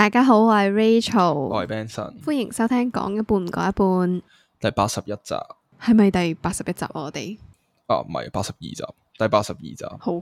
大家好，我係 Rachel，我係 Benson。歡迎收聽講一半唔講一半第八十一集，係咪第八十一集啊？我哋啊唔係，八十二集，第八十二集，好。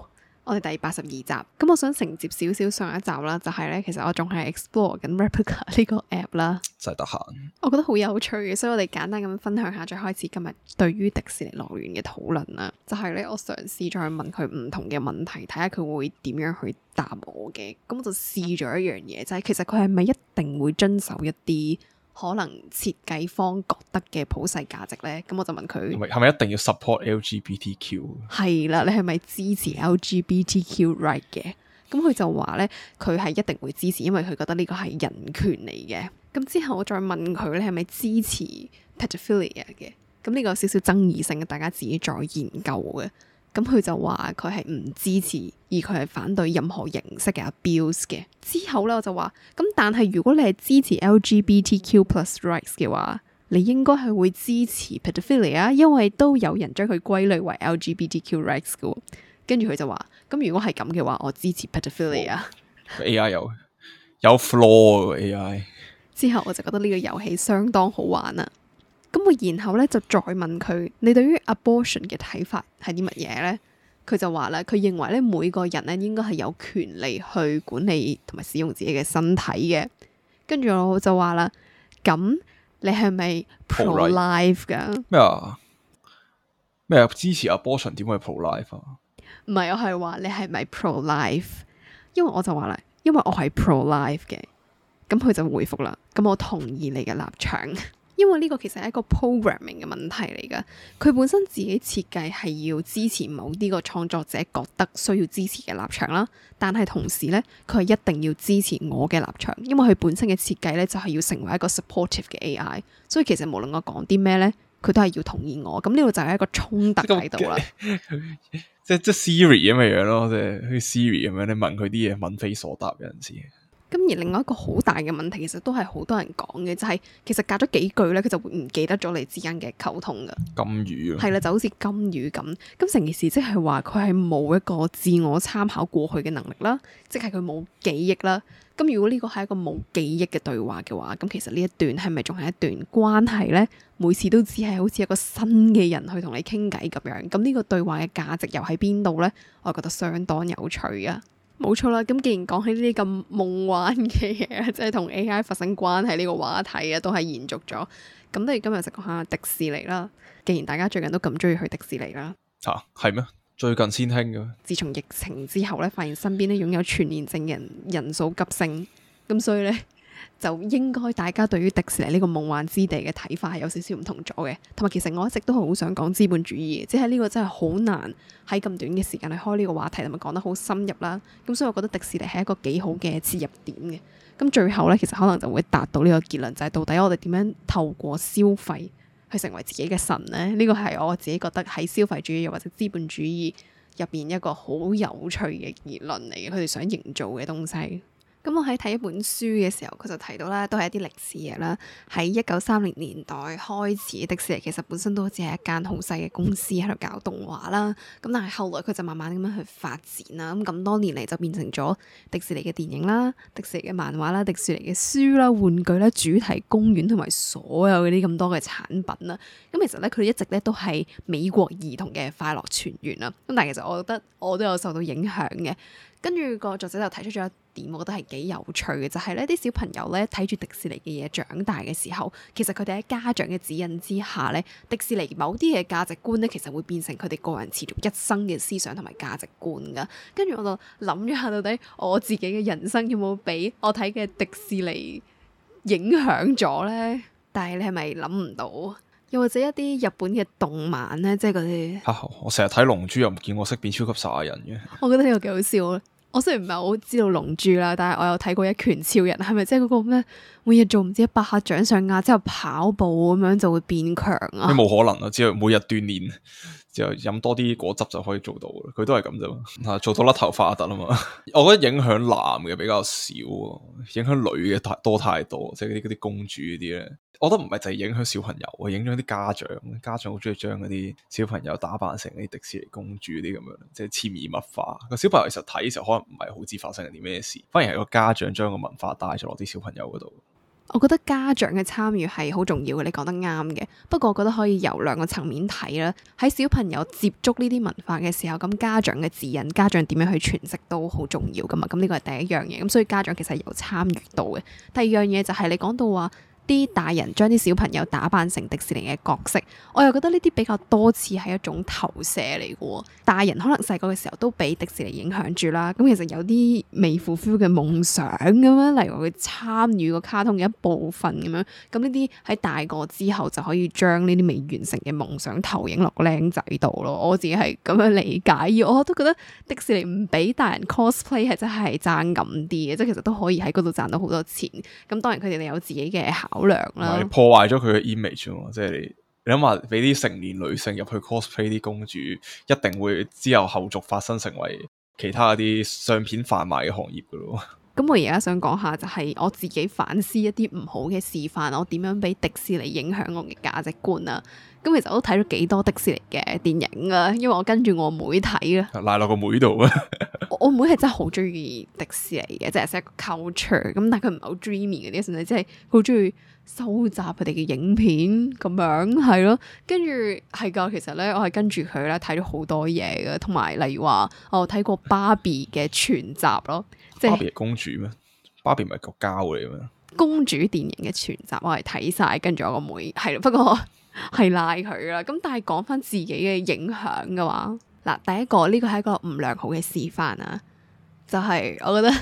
我哋第八十二集，咁我想承接少少上一集啦，就係呢，其實我仲係 explore 緊 Replica 呢個 app 啦，就係得閒，我覺得好有趣嘅，所以我哋簡單咁分享下，最開始今日對於迪士尼樂園嘅討論啦，就係呢，我嘗試再問佢唔同嘅問題，睇下佢會點樣去答我嘅，咁我就試咗一樣嘢，就係其實佢係咪一定會遵守一啲可能設計方覺得嘅普世價值呢，咁我就問佢，係咪一定要 support LGBTQ？係啦，你係咪支持 LGBTQ right 嘅？咁佢就話呢，佢係一定會支持，因為佢覺得呢個係人權嚟嘅。咁之後我再問佢，你係咪支持 pedophilia 嘅？咁呢個有少少爭議性嘅，大家自己再研究嘅。咁佢就話佢係唔支持，而佢係反對任何形式嘅 abuse 嘅。之後咧，我就話：咁但係如果你係支持 LGBTQ+ rights 嘅話，你應該係會支持 pedophilia，因為都有人將佢歸類為 LGBTQ rights 嘅。跟住佢就話：咁如果係咁嘅話，我支持 pedophilia AI 有有 flaw 嘅 AI。之後我就覺得呢個遊戲相當好玩啊！咁我然後咧就再問佢，你對於 abortion 嘅睇法係啲乜嘢咧？佢就話啦，佢認為咧每個人咧應該係有權利去管理同埋使用自己嘅身體嘅。跟住我就話啦，咁你係咪 pro life 噶？咩啊？咩啊？支持 abortion 點會 pro life 啊？唔係我係話你係咪 pro life？因為我就話啦，因為我係 pro life 嘅。咁佢就回覆啦，咁我同意你嘅立場。因為呢個其實係一個 programming 嘅問題嚟噶，佢本身自己設計係要支持某啲個創作者覺得需要支持嘅立場啦，但係同時呢，佢係一定要支持我嘅立場，因為佢本身嘅設計呢就係要成為一個 supportive 嘅 AI，所以其實無論我講啲咩呢，佢都係要同意我。咁呢度就係一個衝突喺度啦。 即即 Siri 咁嘅樣咯，即係 Siri 咁樣你問佢啲嘢，問非所答有陣時。咁而另外一個好大嘅問題，其實都係好多人講嘅，就係、是、其實隔咗幾句咧，佢就會唔記得咗你之間嘅溝通噶。金魚啊，係啦，就好似金魚咁。咁成件事即係話佢係冇一個自我參考過去嘅能力啦，即係佢冇記憶啦。咁如果呢個係一個冇記憶嘅對話嘅話，咁其實呢一段係咪仲係一段關係咧？每次都只係好似一個新嘅人去同你傾偈咁樣，咁、這、呢個對話嘅價值又喺邊度咧？我覺得相當有趣啊！冇錯啦，咁既然講起呢啲咁夢幻嘅嘢，即係同 AI 發生關係呢個話題啊，都係延續咗。咁不如今日講下迪士尼啦。既然大家最近都咁中意去迪士尼啦，吓係咩？最近先興嘅。自從疫情之後咧，發現身邊咧擁有全年證人，人數急升，咁所以咧。就應該大家對於迪士尼呢個夢幻之地嘅睇法係有少少唔同咗嘅，同埋其實我一直都好想講資本主義，即係呢個真係好難喺咁短嘅時間嚟開呢個話題同埋講得好深入啦。咁所以我覺得迪士尼係一個幾好嘅切入點嘅。咁最後呢，其實可能就會達到呢個結論，就係到底我哋點樣透過消費去成為自己嘅神呢？呢個係我自己覺得喺消費主義又或者資本主義入邊一個好有趣嘅結論嚟嘅。佢哋想營造嘅東西。咁我喺睇一本書嘅時候，佢就提到啦，都係一啲歷史嘢啦。喺一九三零年代開始，迪士尼其實本身都只係一間好細嘅公司喺度搞動畫啦。咁但係後來佢就慢慢咁樣去發展啦。咁咁多年嚟就變成咗迪士尼嘅電影啦、迪士尼嘅漫畫啦、迪士尼嘅書啦、玩具啦、主題公園同埋所有嗰啲咁多嘅產品啦。咁其實咧，佢哋一直咧都係美國兒童嘅快樂泉源啦。咁但係其實我覺得我都有受到影響嘅。跟住個作者就提出咗一點，我覺得係幾有趣嘅，就係咧啲小朋友咧睇住迪士尼嘅嘢長大嘅時候，其實佢哋喺家長嘅指引之下咧，迪士尼某啲嘅價值觀咧，其實會變成佢哋個人持續一生嘅思想同埋價值觀噶。跟住我就諗咗下，到底我自己嘅人生有冇俾我睇嘅迪士尼影響咗咧？但係你係咪諗唔到？又或者一啲日本嘅動漫呢，即係嗰啲嚇，我成日睇《龍珠》，又唔見我識變超級殺人嘅。我覺得呢個幾好笑。我雖然唔係好知道《龍珠》啦，但係我有睇過《一拳超人》是是是，係咪即係嗰個咩？每日做唔知一百下掌上壓，之後跑步咁樣就會變強啊？你冇可能啊，只有每日鍛煉，之後飲多啲果汁就可以做到。佢都係咁啫嘛，做到甩頭髮就得啦嘛。我覺得影響男嘅比較少啊，影響女嘅太多太多，即係嗰啲啲公主嗰啲咧。我覺得唔係就係影響小朋友啊，影響啲家長，家長好中意將嗰啲小朋友打扮成啲迪士尼公主啲咁樣，即係潛移物化個小朋友。其實睇嘅時候，時候可能唔係好知發生緊啲咩事，反而係個家長將個文化帶咗落啲小朋友嗰度。我覺得家長嘅參與係好重要嘅，你講得啱嘅。不過我覺得可以由兩個層面睇啦，喺小朋友接觸呢啲文化嘅時候，咁家長嘅指引，家長點樣去詮釋都好重要噶嘛。咁呢個係第一樣嘢。咁所以家長其實係有參與到嘅。第二樣嘢就係你講到話，啲大人將啲小朋友打扮成迪士尼嘅角色，我又覺得呢啲比較多似係一種投射嚟嘅喎。大人可能細個嘅時候都俾迪士尼影響住啦。咁其實有啲未 fulfil 嘅夢想咁樣，例如佢參與個卡通嘅一部分咁樣。咁呢啲喺大個之後就可以將呢啲未完成嘅夢想投影落靚仔度咯。我自己係咁樣理解。而我都覺得迪士尼唔俾大人 cosplay 係真係賺咁啲嘅，即係其實都可以喺嗰度賺到好多錢。咁當然佢哋有自己嘅唔係破壞咗佢嘅 image，即係你諗話俾啲成年女性入去 cosplay 啲公主，一定會之後後續發生成為其他啲相片販賣嘅行業噶咯。咁我而家想講下就係我自己反思一啲唔好嘅示範，我點樣俾迪士尼影響我嘅價值觀啊？咁其實我都睇咗幾多迪士尼嘅電影啊，因為我跟住我妹睇啊。賴落個妹度啊！ 我妹係真係好中意迪士尼嘅，即係 set culture 咁，但係佢唔係好 dreaming 嗰啲，甚至即係好中意收集佢哋嘅影片咁樣，係咯。跟住係噶，其實咧我係跟住佢咧睇咗好多嘢嘅，同埋例如話我睇過芭比嘅全集咯， 即係芭比公主咩？芭比唔係個膠嚟咩？公主電影嘅全集我係睇晒，跟住我個妹係，不過係 拉佢啦。咁但係講翻自己嘅影響嘅話。嗱，第一個呢個係一個唔良好嘅示範啊！就係、是、我覺得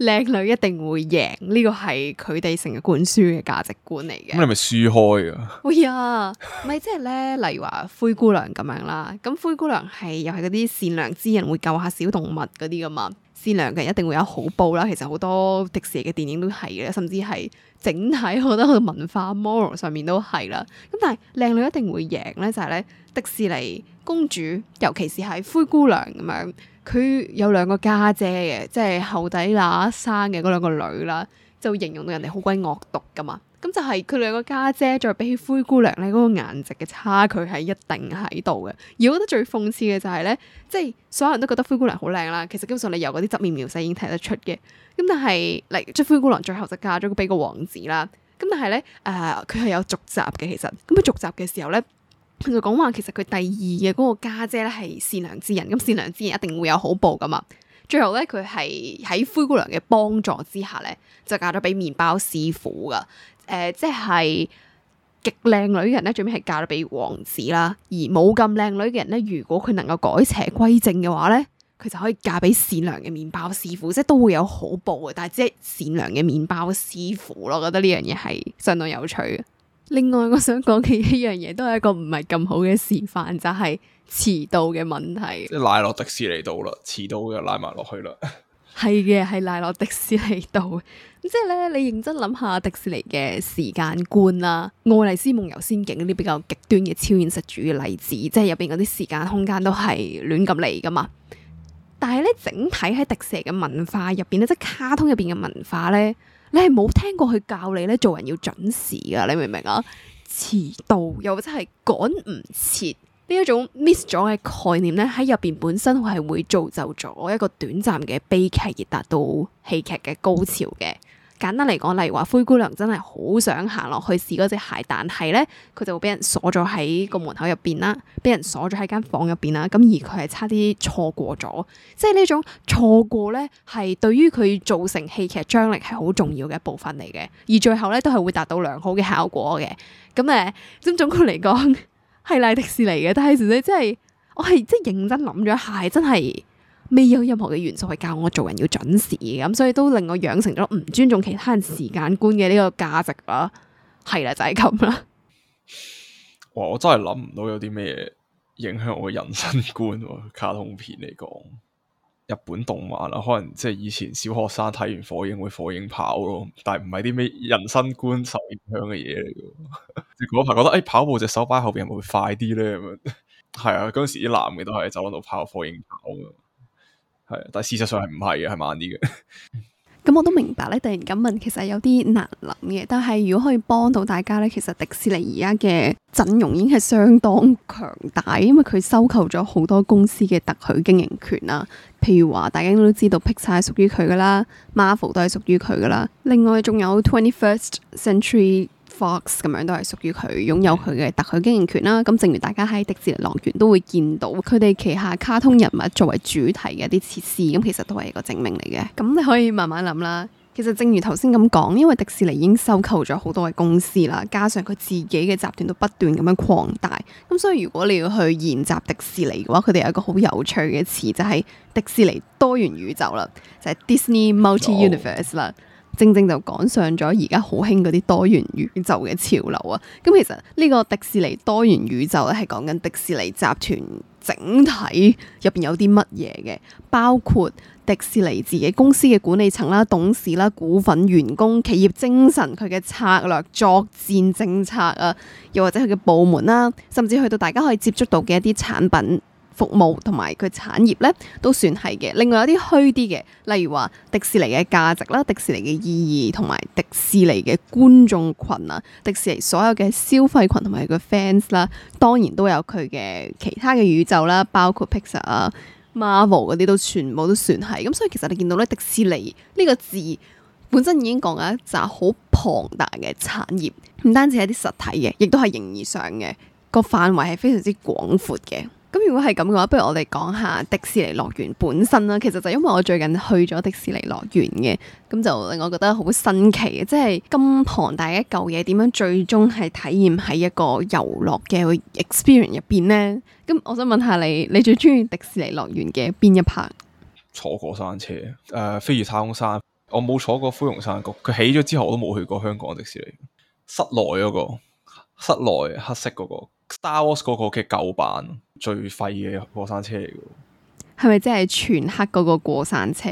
靚女一定會贏，呢個係佢哋成日灌輸嘅價值觀嚟嘅。咁你係咪輸開㗎？會啊、哎，咪即係咧，例如話灰姑娘咁樣啦。咁灰姑娘係又係嗰啲善良之人，會救下小動物嗰啲噶嘛？善良嘅人一定會有好報啦。其實好多迪士尼嘅電影都係嘅，甚至係整體好多文化 moral 上面都係啦。咁但係靚女一定會贏咧，就係咧迪士尼。公主，尤其是係灰姑娘咁樣，佢有兩個家姐嘅，即係後底乸生嘅嗰兩個女啦，就會形容到人哋好鬼惡毒噶嘛。咁就係佢兩個家姐再比起灰姑娘咧，嗰個顏值嘅差距係一定喺度嘅。而我覺得最諷刺嘅就係咧，即係所有人都覺得灰姑娘好靚啦，其實基本上你由嗰啲側面描寫已經睇得出嘅。咁但係，嚟即灰姑娘最後就嫁咗俾個王子啦。咁但係咧，誒，佢係有續集嘅，其實咁佢續集嘅時候咧。佢就講話，其實佢第二嘅嗰個家姐咧，係善良之人，咁善良之人一定會有好報噶嘛。最後咧，佢係喺灰姑娘嘅幫助之下咧，就嫁咗俾麵包師傅噶。誒、呃，即係極靚女嘅人咧，最尾係嫁咗俾王子啦。而冇咁靚女嘅人咧，如果佢能夠改邪歸正嘅話咧，佢就可以嫁俾善良嘅麵包師傅，即係都會有好報嘅。但係即係善良嘅麵包師傅咯，我覺得呢樣嘢係相當有趣嘅。另外，我想講嘅一樣嘢都係一個唔係咁好嘅示範，就係、是、遲到嘅問題。即係賴落迪士尼度啦，遲到嘅賴埋落去啦。係 嘅，係賴落迪士尼度。即係咧，你認真諗下迪士尼嘅時間觀啦，《愛麗絲夢遊仙境》呢啲比較極端嘅超現實主義例子，即係入邊嗰啲時間空間都係亂咁嚟噶嘛。但係咧，整體喺迪士尼嘅文化入邊咧，即係卡通入邊嘅文化咧。你係冇聽過佢教你咧，做人要準時噶，你明唔明啊？遲到又或者係趕唔切呢一種 miss 咗嘅概念咧，喺入邊本身係會造就咗一個短暫嘅悲劇而達到戲劇嘅高潮嘅。簡單嚟講，例如話灰姑娘真係好想行落去試嗰隻鞋，但係咧佢就會俾人鎖咗喺個門口入邊啦，俾人鎖咗喺間房入邊啦，咁而佢係差啲錯過咗，即係呢種錯過咧係對於佢造成戲劇張力係好重要嘅一部分嚟嘅，而最後咧都係會達到良好嘅效果嘅。咁誒，咁總括嚟講係賴迪士尼嘅，但係其實、即係、真係我係真認真諗咗一下，真係。未有任何嘅元素係教我做人要準時咁，所以都令我養成咗唔尊重其他人時間觀嘅呢個價值啦。係啦，就係咁啦。哇！我真係諗唔到有啲咩影響我嘅人生觀啊，卡通片嚟講，日本動漫啦，啊，可能即係以前小學生睇完《火影》會《火影跑》咯，但係唔係啲咩人生觀受影響嘅嘢嚟嘅。你嗰排覺得誒、哎、跑步隻手擺後邊會快啲咧咁啊？係啊，嗰時啲男嘅都係走喺度跑《火影跑》。係，但事實上係唔係嘅，係慢啲嘅。咁 我都明白咧，突然咁問，其實有啲難諗嘅。但係如果可以幫到大家咧，其實迪士尼而家嘅陣容已經係相當強大，因為佢收購咗好多公司嘅特許經營權啦。譬如話，大家都知道 Pixar 係屬於佢噶啦，Marvel 都係屬於佢噶啦。另外，仲有 Twenty First Century。Fox 咁樣都係屬於佢擁有佢嘅特許經營權啦。咁正如大家喺迪士尼樂園都會見到，佢哋旗下卡通人物作為主題嘅一啲設施，咁其實都係一個證明嚟嘅。咁你可以慢慢諗啦。其實正如頭先咁講，因為迪士尼已經收購咗好多嘅公司啦，加上佢自己嘅集團都不斷咁樣擴大。咁所以如果你要去研習迪士尼嘅話，佢哋有一個好有趣嘅詞就係迪士尼多元宇宙啦，就係 Disney Multi Universe 啦。Un 正正就趕上咗而家好興嗰啲多元宇宙嘅潮流啊！咁其實呢個迪士尼多元宇宙咧，係講緊迪士尼集團整體入邊有啲乜嘢嘅，包括迪士尼自己公司嘅管理層啦、董事啦、股份、員工、企業精神、佢嘅策略、作戰政策啊，又或者佢嘅部門啦，甚至去到大家可以接觸到嘅一啲產品。服務同埋佢產業咧，都算係嘅。另外有啲虛啲嘅，例如話迪士尼嘅價值啦，迪士尼嘅意義同埋迪士尼嘅觀眾群啊，迪士尼所有嘅消費群同埋佢 fans 啦，當然都有佢嘅其他嘅宇宙啦，包括 Pixar 啊、Marvel 嗰啲，都全部都算係咁。所以其實你見到咧，迪士尼呢個字本身已經講緊一紮好龐大嘅產業，唔單止係啲實體嘅，亦都係形而上嘅，個範圍係非常之廣闊嘅。咁如果係咁嘅話，不如我哋講下迪士尼樂園本身啦。其實就因為我最近去咗迪士尼樂園嘅，咁就令我覺得好新奇，即係咁龐大一舊嘢，點樣最終係體驗喺一個遊樂嘅 experience 入邊呢？咁我想問下你，你最中意迪士尼樂園嘅邊一 part？坐過山車，誒、呃，飛越太空山，我冇坐過灰熊山谷。佢起咗之後，我都冇去過香港迪士尼室內嗰個，室內黑色嗰個 Star Wars 嗰個嘅舊版。最廢嘅過山車嚟嘅，係咪即係全黑嗰個過山車？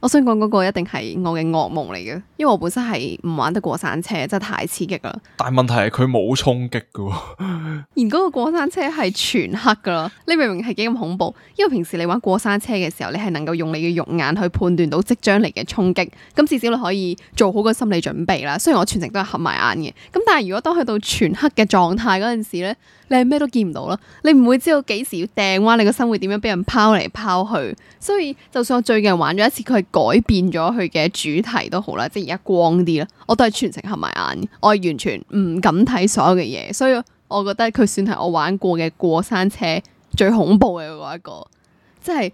我想講嗰個一定係我嘅噩夢嚟嘅，因為我本身係唔玩得過山車，真係太刺激啦！但係問題係佢冇衝擊嘅喎，而嗰個過山車係全黑噶咯，你明明係幾咁恐怖，因為平時你玩過山車嘅時候，你係能夠用你嘅肉眼去判斷到即將嚟嘅衝擊，咁至少你可以做好個心理準備啦。雖然我全程都係合埋眼嘅，咁但係如果當去到全黑嘅狀態嗰陣時呢，你係咩都見唔到啦，你唔會知道幾時要掟彎，你個心會點樣俾人拋嚟拋去，所以就算我最近玩咗一次，佢係。改變咗佢嘅主題都好啦，即係而家光啲啦，我都係全程合埋眼，我係完全唔敢睇所有嘅嘢，所以我覺得佢算係我玩過嘅過山車最恐怖嘅嗰一個，真係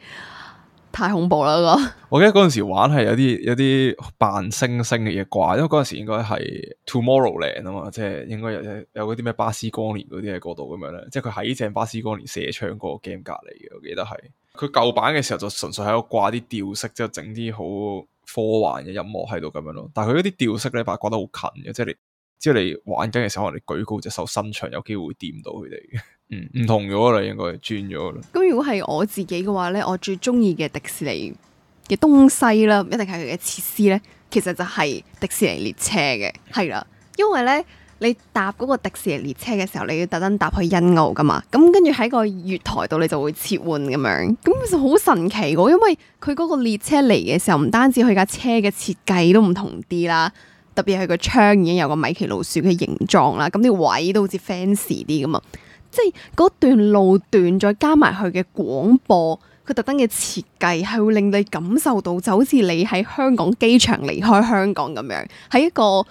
太恐怖啦個！我記得嗰陣時玩係有啲有啲扮星星嘅嘢掛，因為嗰陣時應該係 Tomorrowland 啊嘛，即係應該有有啲咩巴斯光年嗰啲喺嗰度咁樣咧，即係佢喺正巴斯光年射槍個 game 隔籬嘅，我記得係。佢舊版嘅時候就純粹喺度掛啲吊飾，之後整啲好科幻嘅音樂喺度咁樣咯。但係佢嗰啲吊飾咧，白掛得好近嘅，即係你即係你玩緊嘅時候，可能你舉高隻手伸長，有機會掂到佢哋。嗯，唔同咗啦，應該係轉咗啦。咁如果係我自己嘅話咧，我最中意嘅迪士尼嘅東西啦，唔一定係佢嘅設施咧，其實就係迪士尼列車嘅，係啦，因為咧。你搭嗰個迪士尼列車嘅時候，你要特登搭去欣澳㗎嘛？咁跟住喺個月台度，你就會切換咁樣，咁就好神奇嘅，因為佢嗰個列車嚟嘅時候，唔單止佢架車嘅設計都唔同啲啦，特別係佢個窗已經有個米奇老鼠嘅形狀啦，咁啲位都好似 fans 啲咁啊，即係嗰段路段再加埋佢嘅廣播，佢特登嘅設計係會令你感受到就好似你喺香港機場離開香港咁樣，喺一個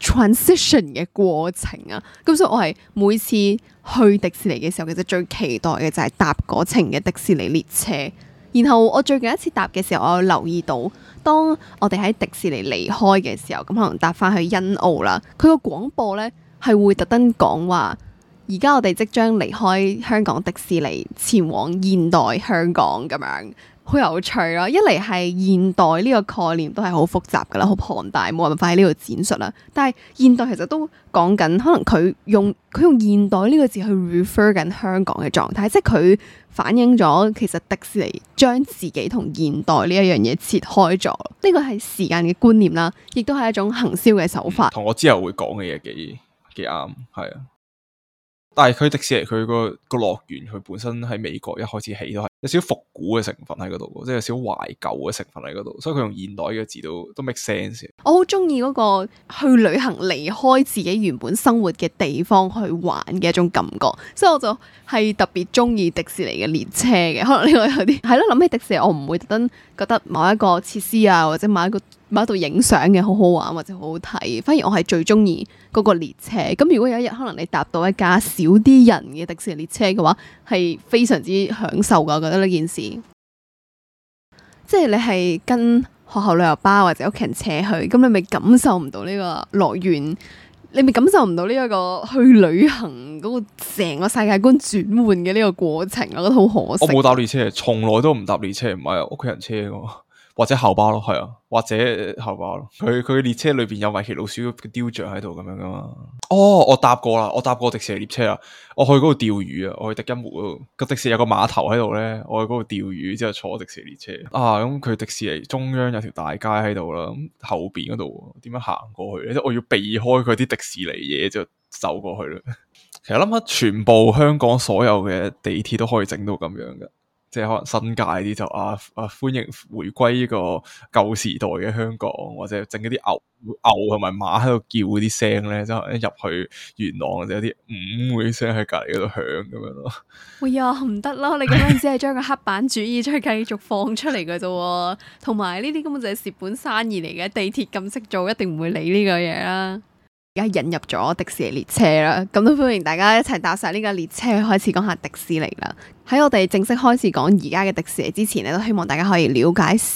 transition 嘅過程啊，咁、嗯、所以我係每次去迪士尼嘅時候，其實最期待嘅就係搭嗰程嘅迪士尼列車。然後我最近一次搭嘅時候，我有留意到，當我哋喺迪士尼離開嘅時候，咁可能搭翻去欣澳啦。佢個廣播呢，係會特登講話，而家我哋即將離開香港迪士尼，前往現代香港咁樣。好有趣咯！一嚟係現代呢個概念都係好複雜㗎啦，好龐大，冇辦法喺呢度展述啦。但係現代其實都講緊，可能佢用佢用現代呢個字去 refer 緊香港嘅狀態，即係佢反映咗其實迪士尼將自己同現代呢一樣嘢切開咗。呢個係時間嘅觀念啦，亦都係一種行銷嘅手法。同、嗯、我之後會講嘅嘢幾幾啱，係啊！但係佢迪士尼佢個個樂園佢本身喺美國一開始起都係有少少復古嘅成分喺嗰度，即係有少少懷舊嘅成分喺嗰度，所以佢用現代嘅字都都 make sense。我好中意嗰個去旅行，離開自己原本生活嘅地方去玩嘅一種感覺，所以我就係特別中意迪士尼嘅列車嘅。 可能呢個有啲係咯，諗起迪士尼，我唔會特登覺得某一個設施啊，或者某一個。喺度影相嘅好好玩或者好好睇，反而我係最中意嗰個列車。咁如果有一日可能你搭到一架少啲人嘅迪士尼列車嘅話，係非常之享受噶。我覺得呢件事， 即係你係跟學校旅遊巴或者屋企人車去，咁你咪感受唔到呢個樂園，你咪感受唔到呢一個去旅行嗰個成個世界觀轉換嘅呢個過程。我覺得好可惜。我冇搭列車，從來都唔搭列車，唔係屋企人車噶。 或者校巴咯，係啊，或者校巴咯。佢佢列車裏邊有米奇老鼠嘅雕像喺度咁樣噶嘛？哦，我搭過啦，我搭過迪士尼列車啊。我去嗰度釣魚啊，我去迪欣湖嗰度。個迪士尼有個碼頭喺度咧，我去嗰度釣魚之後坐迪士尼列車。啊，咁佢迪士尼中央有條大街喺度啦，咁、嗯、後邊嗰度點樣行過去咧？即我要避開佢啲迪士尼嘢，就走過去啦。其實諗下，全部香港所有嘅地鐵都可以整到咁樣嘅。即係可能新界啲就，啊啊，歡迎回歸呢個舊時代嘅香港，或者整嗰啲牛牛同埋馬喺度叫嗰啲聲咧，一入去元朗就有啲五會聲喺隔籬嗰度響咁樣咯。喂啊，唔得咯！你咁樣只係將個黑板主義出去 繼續放出嚟嘅啫，同埋呢啲根本就係蝕本生意嚟嘅。地鐵咁識做，一定唔會理呢個嘢啦。而家引入咗迪士尼列車啦，咁都歡迎大家一齊搭晒呢架列車，開始講下迪士尼啦。喺我哋正式開始講而家嘅迪士尼之前咧，都希望大家可以了解少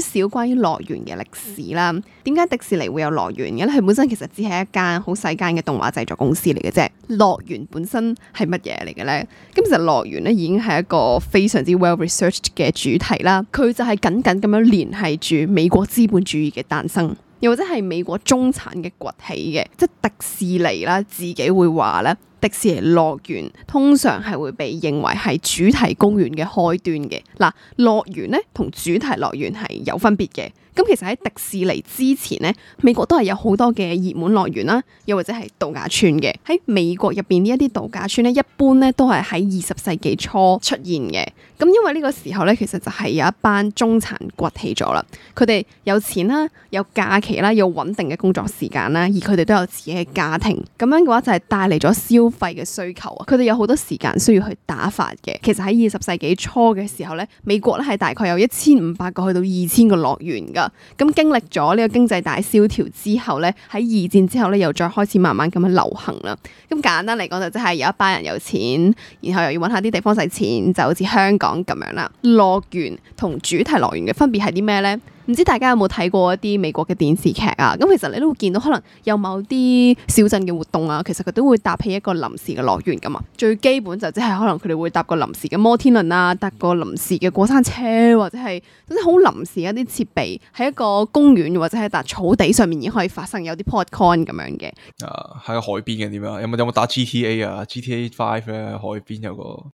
少關於樂園嘅歷史啦。點解迪士尼會有樂園？因為佢本身其實只係一間好細間嘅動畫製作公司嚟嘅啫。樂園本身係乜嘢嚟嘅咧？咁其實樂園咧已經係一個非常之 well researched 嘅主題啦。佢就係緊緊咁樣聯繫住美國資本主義嘅誕生。又或者係美國中產嘅崛起嘅，即迪士尼啦，自己會話咧，迪士尼樂園通常係會被認為係主題公園嘅開端嘅。嗱、呃，樂園咧同主題樂園係有分別嘅。咁其實喺迪士尼之前呢，美國都係有好多嘅熱門樂園啦，又或者係度假村嘅。喺美國入邊呢，一啲度假村呢，一般呢都係喺二十世紀初出現嘅。咁因為呢個時候呢，其實就係有一班中產崛起咗啦，佢哋有錢啦，有假期啦，有穩定嘅工作時間啦，而佢哋都有自己嘅家庭。咁樣嘅話就係帶嚟咗消費嘅需求啊！佢哋有好多時間需要去打發嘅。其實喺二十世紀初嘅時候呢，美國咧係大概有一千五百個去到二千個樂園噶。咁經歷咗呢個經濟大蕭條之後咧，喺二戰之後咧，又再開始慢慢咁樣流行啦。咁簡單嚟講就即係有一班人有錢，然後又要揾下啲地方使錢，就好似香港咁樣啦。樂園同主題樂園嘅分別係啲咩咧？唔知大家有冇睇過一啲美國嘅電視劇啊？咁其實你都會見到，可能有某啲小鎮嘅活動啊，其實佢都會搭起一個臨時嘅樂園噶嘛。最基本就即係可能佢哋會搭個臨時嘅摩天輪啊，搭個臨時嘅過山車，或者係總之好臨時一啲設備喺一個公園或者係搭草地上面，已經可以發生有啲 podcon 咁樣嘅。啊，喺海邊嘅點樣啊？有冇，有冇打 GTA 啊？GTA Five 咧，海邊有個。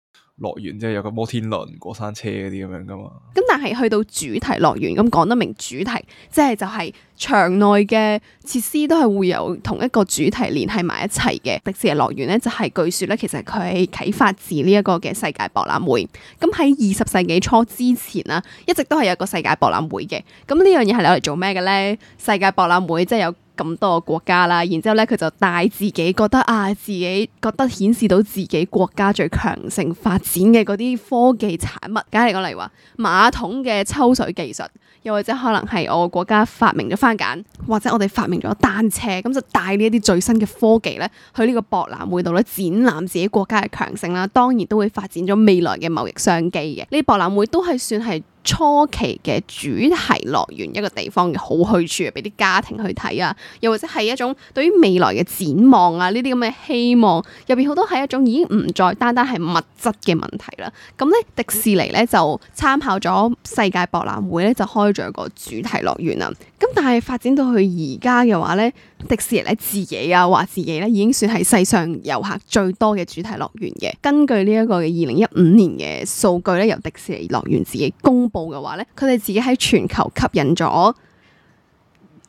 樂園即係有個摩天輪、過山車嗰啲咁樣噶嘛？咁但係去到主題樂園咁講得明主題，即係就係場內嘅設施都係會有同一個主題連繫埋一齊嘅。迪士尼樂園呢，就係據說呢，其實佢係啟發自呢一個嘅世界博覽會。咁喺二十世紀初之前啦，一直都係有個世界博覽會嘅。咁呢樣嘢係攞嚟做咩嘅呢？世界博覽會即係有。咁多個國家啦，然之後咧佢就帶自己覺得啊，自己覺得顯示到自己國家最強盛發展嘅嗰啲科技產物，梗係例如嚟話馬桶嘅抽水技術，又或者可能係我國家發明咗翻簡，或者我哋發明咗單車，咁就帶呢一啲最新嘅科技咧去呢個博覽會度咧展覽自己國家嘅強盛啦，當然都會發展咗未來嘅貿易商機嘅。呢博覽會都係算係。初期嘅主題樂園一個地方嘅好去處，俾啲家庭去睇啊，又或者係一種對於未來嘅展望啊，呢啲咁嘅希望入邊好多係一種已經唔再單單係物質嘅問題啦。咁咧，迪士尼咧就參考咗世界博覽會咧，就開咗個主題樂園啊。咁但係發展到去而家嘅話咧。迪士尼咧自己啊，話自己咧已經算係世上遊客最多嘅主題樂園嘅。根據呢一個嘅二零一五年嘅數據咧，由迪士尼樂園自己公布嘅話咧，佢哋自己喺全球吸引咗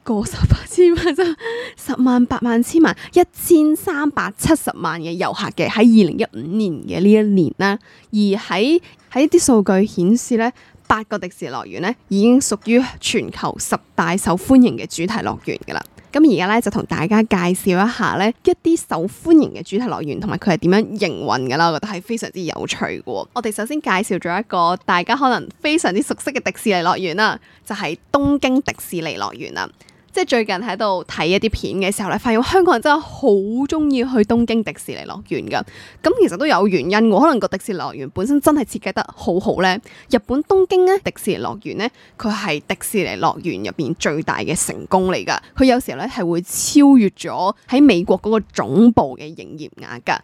過十八千萬、十萬、八萬、千萬、一千三百七十萬嘅遊客嘅，喺二零一五年嘅呢一年啦。而喺喺一啲數據顯示咧，八個迪士尼樂園咧已經屬於全球十大受歡迎嘅主題樂園㗎喇。咁而家咧就同大家介紹一下咧一啲受歡迎嘅主題樂園同埋佢係點樣營運噶啦，我覺得係非常之有趣嘅。我哋首先介紹咗一個大家可能非常之熟悉嘅迪士尼樂園啦，就係東京迪士尼樂園啦。即係最近喺度睇一啲片嘅時候咧，發現香港人真係好中意去東京迪士尼樂園噶。咁其實都有原因嘅，可能個迪士尼樂園本身真係設計得好好咧。日本東京咧，迪士尼樂園咧，佢係迪士尼樂園入邊最大嘅成功嚟噶。佢有時候咧係會超越咗喺美國嗰個總部嘅營業額噶。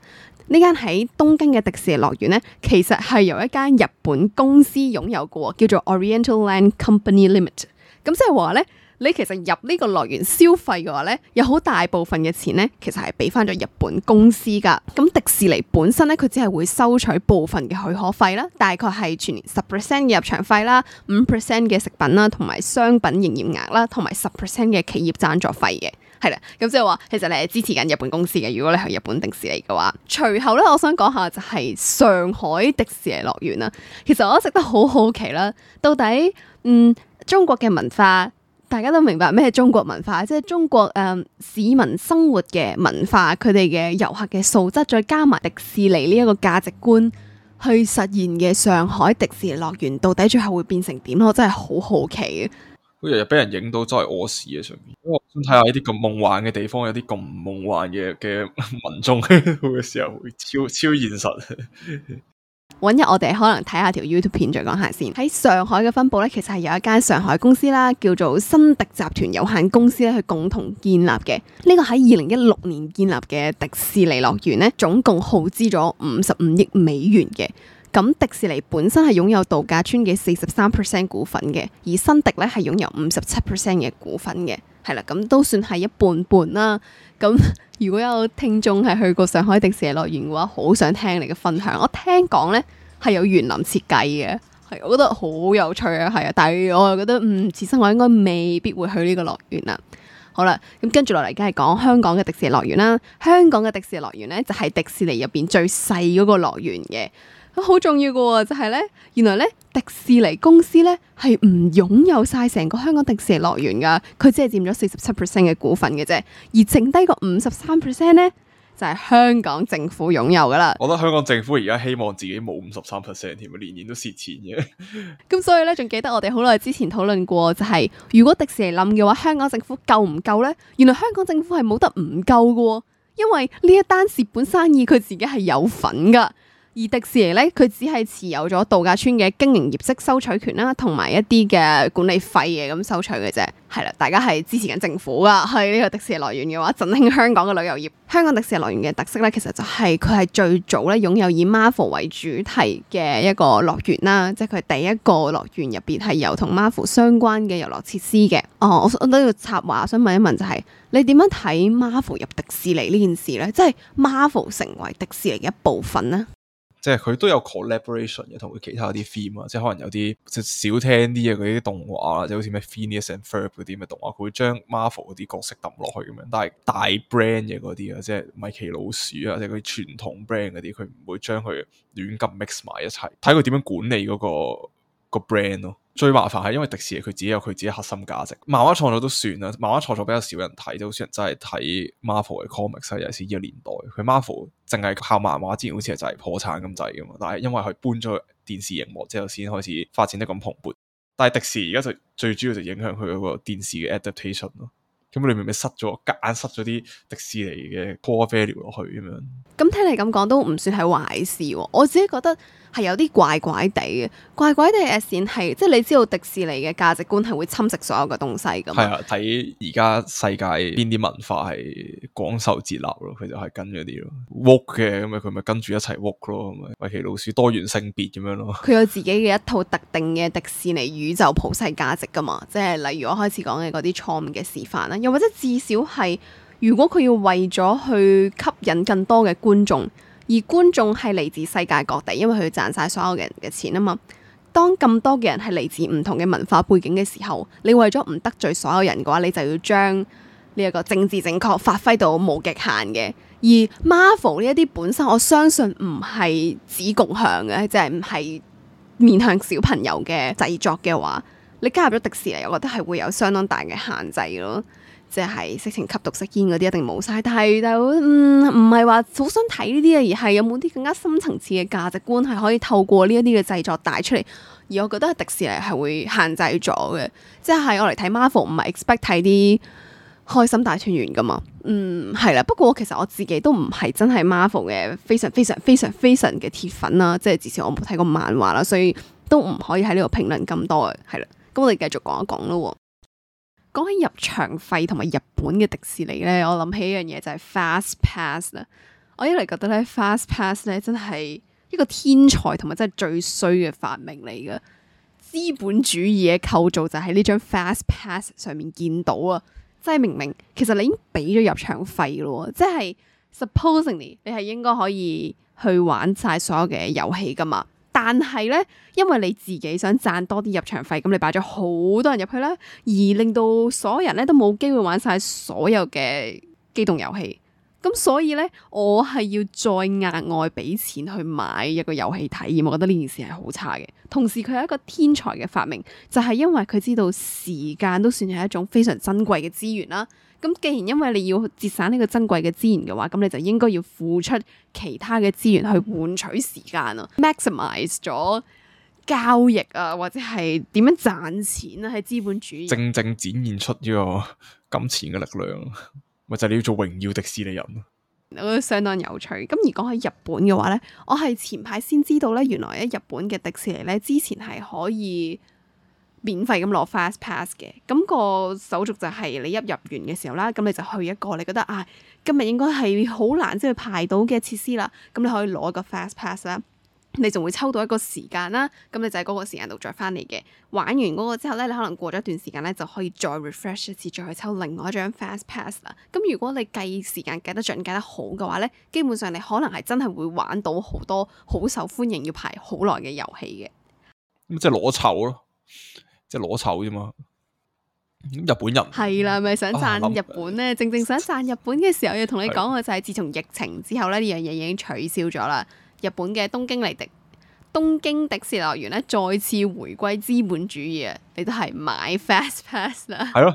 呢間喺東京嘅迪士尼樂園咧，其實係由一間日本公司擁有嘅，叫做 Oriental Land Company Limited。咁即係話咧。你其實入呢個樂園消費嘅話咧，有好大部分嘅錢咧，其實係俾翻咗日本公司噶。咁迪士尼本身咧，佢只係會收取部分嘅許可費啦，大概係全年十 percent 嘅入場費啦，五 percent 嘅食品啦，同埋商品營業額啦，同埋十 percent 嘅企業贊助費嘅。係啦，咁即係話其實你係支持緊日本公司嘅。如果你係日本迪士尼嘅話，隨後咧，我想講下就係上海迪士尼樂園啦。其實我一直都好好奇啦，到底嗯中國嘅文化。大家都明白咩？中國文化，即、就、係、是、中國誒、嗯、市民生活嘅文化，佢哋嘅遊客嘅素質，再加埋迪士尼呢一個價值觀，去實現嘅上海迪士尼樂園，到底最後會變成點？我真係好好奇。日日俾人影到真係屙屎啊！上面，我想睇下呢啲咁夢幻嘅地方，有啲咁夢幻嘅嘅民眾嘅時候，會超超現實。 搵日我哋可能睇下條 YouTube 片，再講下先。喺上海嘅分部呢，其實係有一間上海公司啦，叫做新迪集團有限公司咧，去共同建立嘅。呢個喺二零一六年建立嘅迪士尼樂園呢，總共耗資咗五十五億美元嘅。咁迪士尼本身係擁有度假村嘅四十三 percent 股份嘅，而新迪咧係擁有五十七 percent 嘅股份嘅。係啦，咁都算係一半半啦。咁如果有聽眾係去過上海迪士尼樂園嘅話，好想聽你嘅分享。我聽講呢係有園林設計嘅，係我覺得好有趣啊，係啊。但係我又覺得，嗯，此生我應該未必會去呢個樂園啦。好啦，咁跟住落嚟，梗係講香港嘅迪士尼樂園啦。香港嘅迪士尼樂園呢，就係迪士尼入邊最細嗰個樂園嘅。好重要嘅、哦、就係、是、呢。原來呢，迪士尼公司呢係唔擁有晒成個香港迪士尼樂園噶，佢只係佔咗四十七 percent 嘅股份嘅啫，而剩低個五十三 percent 呢就係、是、香港政府擁有噶啦。我覺得香港政府而家希望自己冇五十三 percent 添，年年都蝕錢嘅。咁 所以呢，仲記得我哋好耐之前討論過、就是，就係如果迪士尼諗嘅話，香港政府夠唔夠呢？原來香港政府係冇得唔夠嘅、哦，因為呢一單蝕本生意佢自己係有份噶。而迪士尼咧，佢只係持有咗度假村嘅經營業績收取權啦，同埋一啲嘅管理費嘅咁收取嘅啫。係啦，大家係支持緊政府噶，去呢個迪士尼樂園嘅話，振興香港嘅旅遊業。香港迪士尼樂園嘅特色咧，其實就係佢係最早咧擁有以 Marvel 為主題嘅一個樂園啦，即係佢第一個樂園入邊係有同 Marvel 相關嘅遊樂設施嘅。哦，我我都要插話，想問一問就係、是、你點樣睇 Marvel 入迪士尼呢件事呢？即係 Marvel 成為迪士尼嘅一部分呢？即係佢都有 collaboration 嘅同佢其他啲 theme 啊，即係可能有啲即係少聽啲嘅嗰啲動畫，即係好似咩 Phineas and Ferb 嗰啲嘅動畫，佢會將 Marvel 嗰啲角色抌落去咁樣。但係大 brand 嘅嗰啲啊，即係米奇老鼠啊，即係佢傳統 brand 嗰啲，佢唔會將佢亂咁 mix 埋一齊，睇佢點樣管理嗰個個 brand 咯。最麻煩係因為迪士尼佢自己有佢自己核心價值，漫畫創作都算啦，漫畫創作比較少人睇，就好似人真係睇 Marvel 嘅 comics 啊，有啲呢個年代，佢 Marvel 淨係靠漫畫之前好似係就係破產咁滯㗎嘛，但係因為佢搬咗去電視熒幕之後先開始發展得咁蓬勃，但係迪士尼而家就最主要就影響佢嗰個電視嘅 adaptation 咯，咁你咪明塞咗夾硬塞咗啲迪士尼嘅 core value 落去咁樣，咁聽你咁講都唔算係壞事、哦，我自己覺得。係有啲怪怪地嘅，怪怪地嘅線係，即係你知道迪士尼嘅價值觀係會侵蝕所有嘅東西咁。係啊，睇而家世界邊啲文化係廣受接納咯，佢就係跟咗啲咯 woke 嘅咁咪佢咪跟住一齊 woke 咯，咪米奇老鼠多元性別咁樣咯。佢有自己嘅一套特定嘅迪士尼宇宙普世價值噶嘛，即係例如我開始講嘅嗰啲錯誤嘅示範啦，又或者至少係，如果佢要為咗去吸引更多嘅觀眾。而觀眾係嚟自世界各地，因為佢要賺晒所有嘅人嘅錢啊嘛。當咁多嘅人係嚟自唔同嘅文化背景嘅時候，你為咗唔得罪所有人嘅話，你就要將呢一個政治正確發揮到無極限嘅。而 Marvel 呢一啲本身我相信唔係子供向嘅，即係唔係面向小朋友嘅製作嘅話，你加入咗迪士尼，我覺得係會有相當大嘅限制咯。即係色情、吸毒、食煙嗰啲一定冇晒，但係但嗯唔係話好想睇呢啲啊，而係有冇啲更加深層次嘅價值觀係可以透過呢一啲嘅製作帶出嚟？而我覺得迪士尼係會限制咗嘅，即係我嚟睇 Marvel 唔係 expect 睇啲開心大團圓噶嘛。嗯，係啦。不過其實我自己都唔係真係 Marvel 嘅非常非常非常非常嘅鐵粉啦，即係至少我冇睇過漫畫啦，所以都唔可以喺呢度評論咁多嘅。係啦。咁我哋繼續講一講咯。講起入場費同埋日本嘅迪士尼咧，我諗起一樣嘢就係 Fastpass 啦。我一嚟覺得咧，Fastpass 咧真係一個天才同埋真係最衰嘅發明嚟嘅。資本主義嘅構造就喺呢張 Fastpass 上面見到啊！即係明明其實你已經俾咗入場費咯，即係 Supposingly 你係應該可以去玩晒所有嘅遊戲噶嘛。但係咧，因為你自己想賺多啲入場費，咁你擺咗好多人入去啦，而令到所有人咧都冇機會玩晒所有嘅機動遊戲。咁所以呢，我係要再額外俾錢去買一個遊戲體驗，我覺得呢件事係好差嘅。同時佢係一個天才嘅發明，就係因為佢知道時間都算係一種非常珍貴嘅資源啦。咁既然因為你要節省呢個珍貴嘅資源嘅話，咁你就應該要付出其他嘅資源去換取時間啊。maximize 咗交易啊，或者係點樣賺錢啊，係資本主義正正展現出呢個金錢嘅力量。就你要做榮耀迪士尼人，我覺得相當有趣。咁如果喺日本嘅話呢，我係前排先知道呢，原來喺日本嘅迪士尼呢，之前係可以免費咁攞 Fast Pass 嘅。咁個手續就係你一入園嘅時候啦，咁你就去一個你覺得啊，今日應該係好難即去排到嘅設施啦，咁你可以攞個 Fast Pass 啦。你仲會抽到一個時間啦，咁你就喺嗰個時間度再翻嚟嘅。玩完嗰個之後咧，你可能過咗一段時間咧，就可以再 refresh 一次，再去抽另外一張 Fast Pass 啦。咁如果你計時間計得準、計得好嘅話咧，基本上你可能係真係會玩到好多好受歡迎、要排好耐嘅遊戲嘅。咁即係攞籌咯，即係攞籌啫嘛。日本人係啦，咪想讚日本咧？啊、正正想讚日本嘅時候，要同你講嘅就係，自從疫情之後咧，呢樣嘢已經取消咗啦。日本嘅東京嚟迪東京迪士尼樂園咧，再次回歸資本主義啊！你都係買 fast pass 啦。係咯，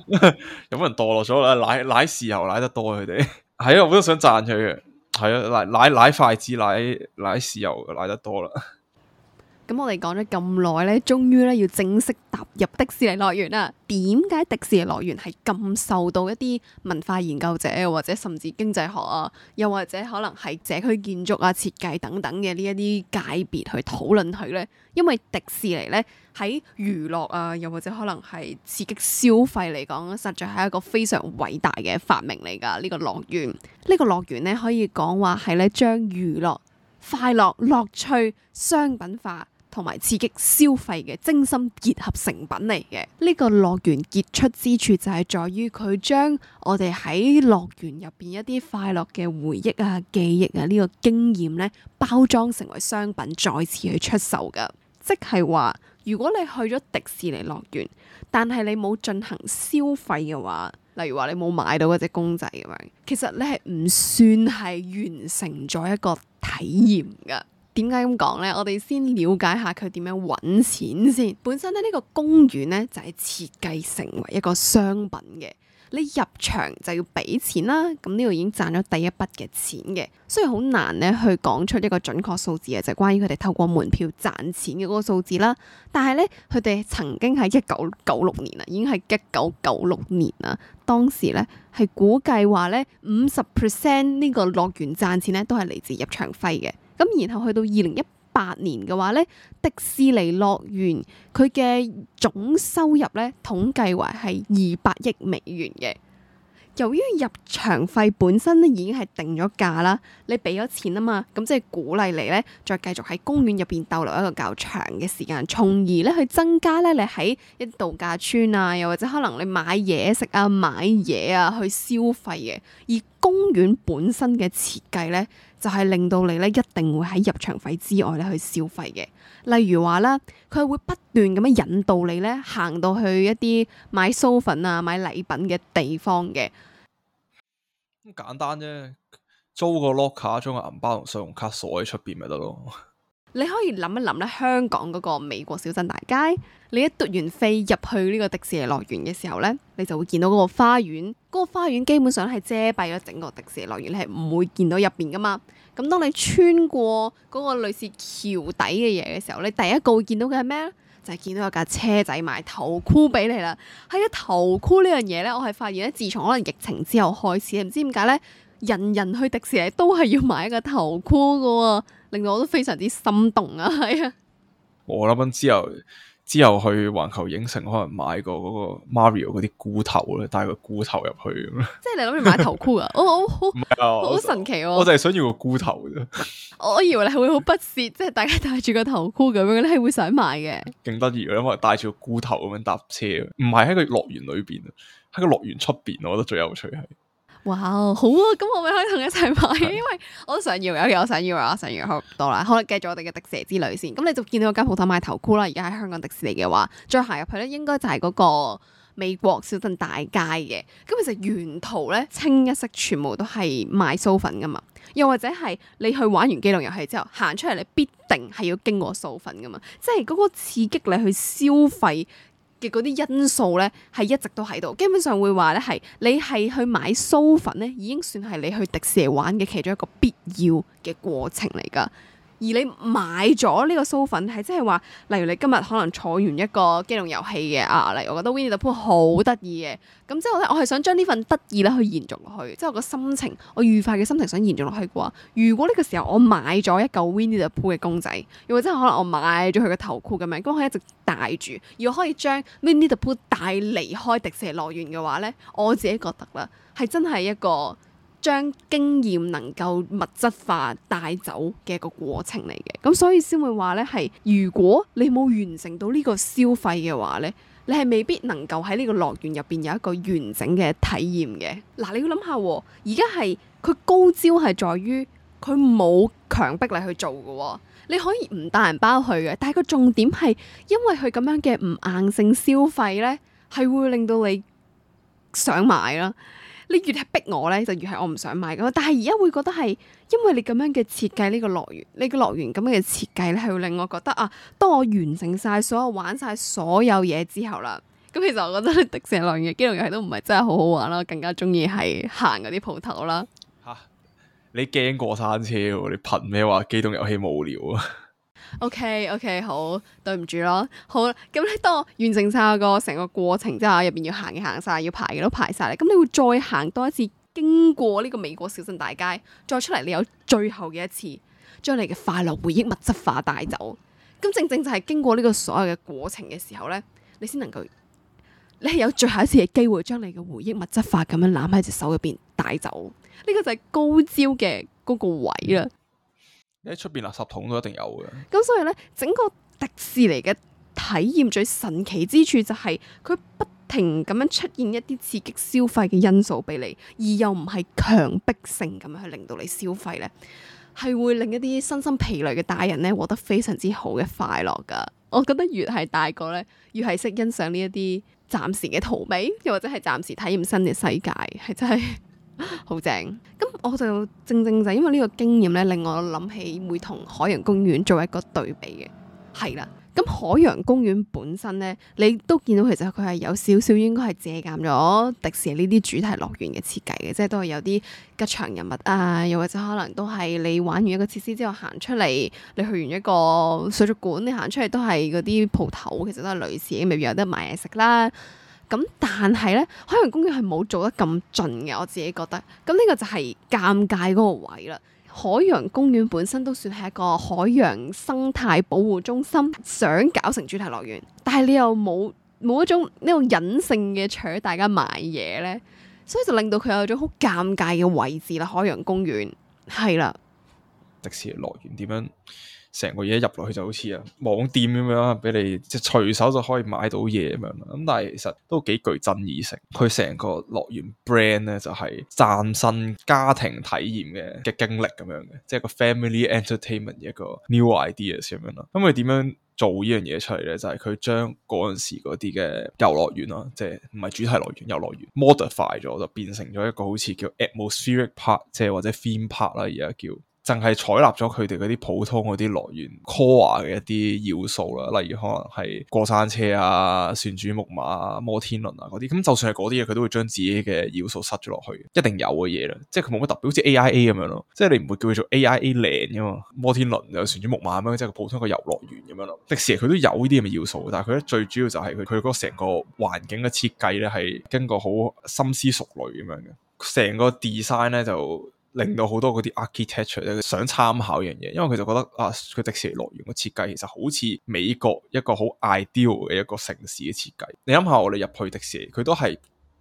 有冇人墮落咗啦？攞攞豉油攞得多佢哋。係 啊，我都想讚佢。係 啊，攞攞攞筷子，攞攞豉油，攞得多啦。 咁我哋講咗咁耐咧，終於咧要正式踏入迪士尼樂園啦。點解迪士尼樂園係咁受到一啲文化研究者或者甚至經濟學啊，又或者可能係社區建築啊、設計等等嘅呢一啲界別去討論佢咧？因為迪士尼咧喺娛樂啊，又或者可能係刺激消費嚟講，實在係一個非常偉大嘅發明嚟噶。呢個樂園，呢個樂園咧可以講話係咧將娛樂、快樂、樂趣商品化。同埋刺激消費嘅精心結合成品嚟嘅，呢個樂園傑出之處就係在於佢將我哋喺樂園入邊一啲快樂嘅回憶啊、記憶啊呢個經驗呢，包裝成為商品再次去出售噶。即係話，如果你去咗迪士尼樂園，但係你冇進行消費嘅話，例如話你冇買到嗰隻公仔咁樣，其實你係唔算係完成咗一個體驗噶。點解咁講呢？我哋先了解下佢點樣揾錢先。本身咧，呢個公園呢，就係設計成為一個商品嘅。你入場就要俾錢啦。咁呢度已經賺咗第一筆嘅錢嘅。雖然好難呢去講出一個準確數字啊，就係關於佢哋透過門票賺錢嘅嗰個數字啦。但係呢，佢哋曾經喺一九九六年啊，已經係一九九六年啊，當時呢，係估計話呢五十 percent 呢個樂園賺錢咧都係嚟自入場費嘅。咁然後去到二零一八年嘅話呢，迪士尼樂園佢嘅總收入呢統計為係二百億美元嘅。由於入場費本身呢已經係定咗價啦，你俾咗錢啊嘛，咁即係鼓勵你呢再繼續喺公園入邊逗留一個較長嘅時間，從而呢去增加呢你喺一度假村啊，又或者可能你買嘢食啊、買嘢啊去消費嘅。而公園本身嘅設計呢。就係令到你咧，一定會喺入場費之外咧去消費嘅。例如話咧，佢會不斷咁樣引導你咧，行到去一啲買酥粉啊、買禮品嘅地方嘅。咁簡單啫，租個 locker，將個銀包同信用卡鎖喺出邊咪得咯。你可以諗一諗咧，香港嗰個美國小鎮大街，你一嘟完飛入去呢個迪士尼樂園嘅時候呢，你就會見到嗰個花園，嗰、嗰個花園基本上係遮蔽咗整個迪士尼樂園，你係唔會見到入邊噶嘛。咁當你穿過嗰個類似橋底嘅嘢嘅時候，你第一個會見到嘅係咩咧？就係、係、見到有架車仔賣頭箍俾你啦。係啊，頭箍呢樣嘢呢，我係發現呢，自從可能疫情之後開始，唔知點解呢，人人去迪士尼都係要買一個頭箍噶、啊。令到我都非常之心動啊！係啊，我諗緊之後，之後去環球影城可能買個嗰個 Mario 嗰啲菇頭咧，帶個菇頭入去咁。即係你諗住買頭箍啊？ 我我好、唔係啊、好神奇哦、啊！我就係想要個菇頭啫 。我我以為你會好不屑，即係大家戴住個頭箍咁樣你係會想買嘅。勁得意啊！因為戴住個菇頭咁樣搭車，唔係喺個樂園裏邊，喺個樂園出邊，我覺得最有趣係。哇、wow，好啊！咁我咪可以同你一齊買，因為我都想要，有又想要，我想要好多啦。好，繼續我哋嘅迪士尼之旅先。咁你就見到間鋪頭賣頭箍啦。而家喺香港迪士尼嘅話，再行入去咧，應該就係嗰個美國小鎮大街嘅。咁其實沿途咧，清一色全部都係賣酥粉噶嘛。又或者係你去玩完機動遊戲之後，行出嚟，你必定係要經過酥粉噶嘛。即係嗰個刺激你去消費。嘅嗰啲因素咧，係一直都喺度。基本上會話咧，係你係去買酥粉咧，已經算係你去迪士尼玩嘅其中一個必要嘅過程嚟㗎。而你買咗呢個蘇粉係即係話，例如你今日可能坐完一個機動遊戲嘅啊，例如我覺得 Winnie the Pooh 好得意嘅，咁之後我咧，我係想將呢份得意咧去延續落去，即係我個心情，我愉快嘅心情想延續落去嘅話，如果呢個時候我買咗一嚿 Winnie the Pooh 嘅公仔，又或者可能我買咗佢個頭箍咁樣，咁可以一直戴住，如果可以將 Winnie the Pooh 帶離開迪士尼樂園嘅話咧，我自己覺得啦，係真係一個，將經驗能夠物質化帶走嘅一個過程嚟嘅，咁所以先會話呢，係如果你冇完成到呢個消費嘅話呢，你係未必能夠喺呢個樂園入邊有一個完整嘅體驗嘅。嗱，你要諗下，而家係佢高招係在於佢冇強迫你去做嘅，你可以唔帶銀包去嘅。但係個重點係，因為佢咁樣嘅唔硬性消費呢，係會令到你想買啦。你越係逼我咧，就越係我唔想買咁。但係而家會覺得係，因為你咁樣嘅設計呢、呢個樂園，呢個樂園咁嘅設計咧，係會令我覺得啊，當我完成晒所有玩晒所有嘢之後啦，咁其實我覺得迪士尼樂園嘅機動遊戲都唔係真係好好玩啦，更加中意係行嗰啲鋪頭啦。嚇、啊！你驚過山車喎？你憑咩話機動遊戲無聊啊？ O K O K，好對唔住咯，好咁咧。當完成晒個成個過程之後，入邊要行嘅行晒，要排嘅都排晒咧。咁你會再行多一次，經過呢個美國小鎮大街，再出嚟，你有最後嘅一次，將你嘅快樂回憶物質化帶走。咁正正就係經過呢個所有嘅過程嘅時候咧，你先能夠，你係有最後一次嘅機會，將你嘅回憶物質化咁樣攬喺隻手入邊帶走。呢個就係高招嘅嗰個位啦。你出邊垃圾桶都一定有嘅。咁所以咧，整個迪士尼嘅體驗最神奇之處就係佢不停咁樣出現一啲刺激消費嘅因素俾你，而又唔係強迫性咁樣去令到你消費咧，係會令一啲身心疲累嘅大人咧獲得非常之好嘅快樂噶。我覺得越係大個咧，越係識欣賞呢一啲暫時嘅逃避，又或者係暫時體驗新嘅世界，係真係。 好正，咁 我就正正就因為呢個經驗咧，令我諗起會同海洋公園做一個對比嘅，係啦。咁海洋公園本身咧，你都見到其實佢係有少少應該係借鑒咗迪士尼呢啲主題樂園嘅設計嘅，即係都係有啲吉祥人物啊，又或者可能都係你玩完一個設施之後行出嚟，你去完一個水族館，你行出嚟都係嗰啲鋪頭，其實都係類似，未必有得買嘢食啦。咁但係呢，海洋公園係冇做得咁盡嘅，我自己覺得。咁呢個就係尷尬嗰個位啦。海洋公園本身都算係一個海洋生態保護中心，想搞成主題樂園，但係你又冇冇一種呢個隱性嘅取大家買嘢呢，所以就令到佢有一種好尷尬嘅位置啦。海洋公園係啦，迪士尼樂園點樣？成個嘢入落去就好似啊網店咁樣，俾你即係隨手就可以買到嘢咁樣。咁但係其實都幾具爭議性。佢成個樂園 brand 咧，就係、是、讚新家庭體驗嘅嘅經歷咁樣嘅，即係個 family entertainment 嘅一個 new idea 咁樣咯。咁佢點樣做呢樣嘢出嚟咧？就係、是、佢將嗰陣時嗰啲嘅遊樂園啊，即係唔係主題樂園遊樂園 modify 咗，就變成咗一個好似叫 atmospheric park，即係或者 theme park 啦，而家叫。淨係採納咗佢哋嗰啲普通嗰啲樂園 core 嘅一啲要素啦，例如可能係過山車啊、旋轉木馬啊、摩天輪啊嗰啲，咁就算係嗰啲嘢，佢都會將自己嘅要素塞咗落去，一定有嘅嘢啦。即係佢冇乜特別，好似 AIA 咁樣咯。即係你唔會叫佢做 AIA 靚噶嘛？摩天輪有旋轉木馬咁樣，即係個普通一個遊樂園咁樣咯。迪士尼佢都有呢啲咁嘅要素，但係佢咧最主要就係佢佢嗰成個環境嘅設計咧係經過好深思熟慮咁樣嘅，成個 design 咧就。令到好多嗰啲 architecture 咧想參考一樣嘢，因為佢就覺得啊，佢迪士尼樂園嘅設計其實好似美國一個好 ideal 嘅一個城市嘅設計。你諗下，我哋入去迪士尼，佢都係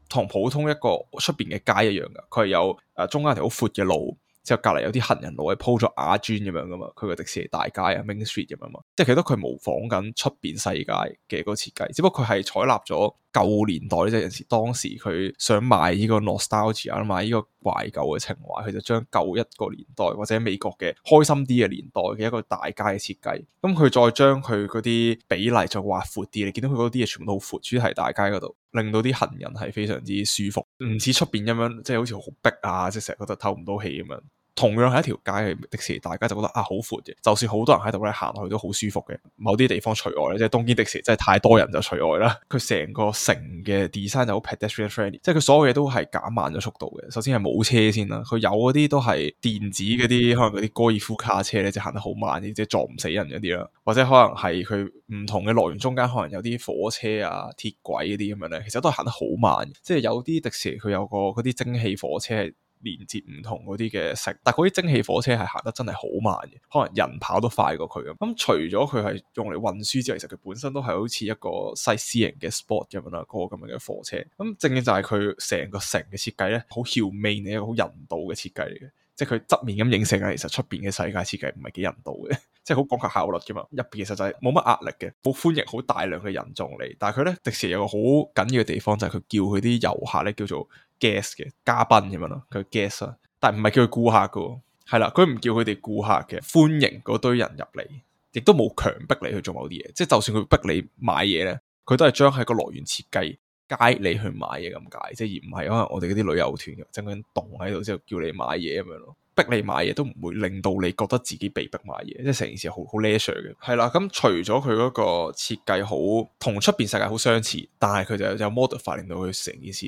同普通一個出邊嘅街一樣噶，佢係有誒、呃、中間一條好闊嘅路，之後隔離有啲行人路，鋪咗瓦磚咁樣噶嘛。佢個迪士尼大街啊，Main Street 咁樣嘛，即係其實佢模仿緊出邊世界嘅嗰個設計，只不過佢係採納咗。舊年代呢？即係有時當時佢想買呢個 nostalgia 啦嘛，呢個懷舊嘅情懷，佢就將舊一個年代或者美國嘅開心啲嘅年代嘅一個大街嘅設計，咁、嗯、佢再將佢嗰啲比例再畫闊啲，你見到佢嗰啲嘢全部都好闊，主題大街嗰度，令到啲行人係非常之舒服，唔似出邊咁樣，即係好似好逼啊，即係成日覺得透唔到氣咁樣。同樣係一條街嘅迪士尼，大家就覺得啊好闊嘅，就算好多人喺度咧行落去都好舒服嘅。某啲地方除外咧，即係東京迪士尼真係太多人就除外啦。佢成個城嘅 design 就好 pedestrian friendly，即係佢所有嘢都係減慢咗速度嘅。首先係冇車先啦，佢有嗰啲都係電子嗰啲，可能嗰啲高爾夫卡車咧就行得好慢啲，即係撞唔死人嗰啲啦。或者可能係佢唔同嘅樂園中間，可能有啲火車啊、鐵軌嗰啲咁樣咧，其實都係行得好慢。即係有啲迪士尼，佢有個嗰啲蒸汽火車係，連接唔同嗰啲嘅城，但係嗰啲蒸汽火車係行得真係好慢嘅，可能人跑得快過佢咁。咁、嗯、除咗佢係用嚟運輸之外，其實佢本身都係好似一個西私型嘅 sport 咁樣啦，嗰個咁樣嘅火車。咁、嗯、正正就係佢成個城嘅設計咧，好巧妙嘅一個好人道嘅設計嚟嘅。即係佢側面咁影射緊，其實出邊嘅世界設計唔係幾人道嘅， 即係好講求效率嘅嘛。入邊其實就係冇乜壓力嘅，好歡迎好大量嘅人眾嚟。但係佢咧，迪士尼有個好緊要嘅地方就係、是、佢叫佢啲遊客咧叫做 guest 嘅嘉賓咁樣咯，佢 guest 啊，但係唔係叫佢顧客噶，係啦，佢唔叫佢哋顧客嘅，歡迎嗰堆人入嚟，亦都冇強迫你去做某啲嘢，即係就算佢逼你買嘢咧，佢都係將喺個樂園設計，帶你去買嘢咁解，即係而唔係可能我哋嗰啲旅遊團嘅，整緊洞喺度之後叫你買嘢咁樣咯。逼你買嘢都唔會令到你覺得自己被逼買嘢，即係成件事好好 leisure 嘅，係啦。咁、嗯、除咗佢嗰個設計好同出邊世界好相似，但係佢就有，有 modify、er、令到佢成件事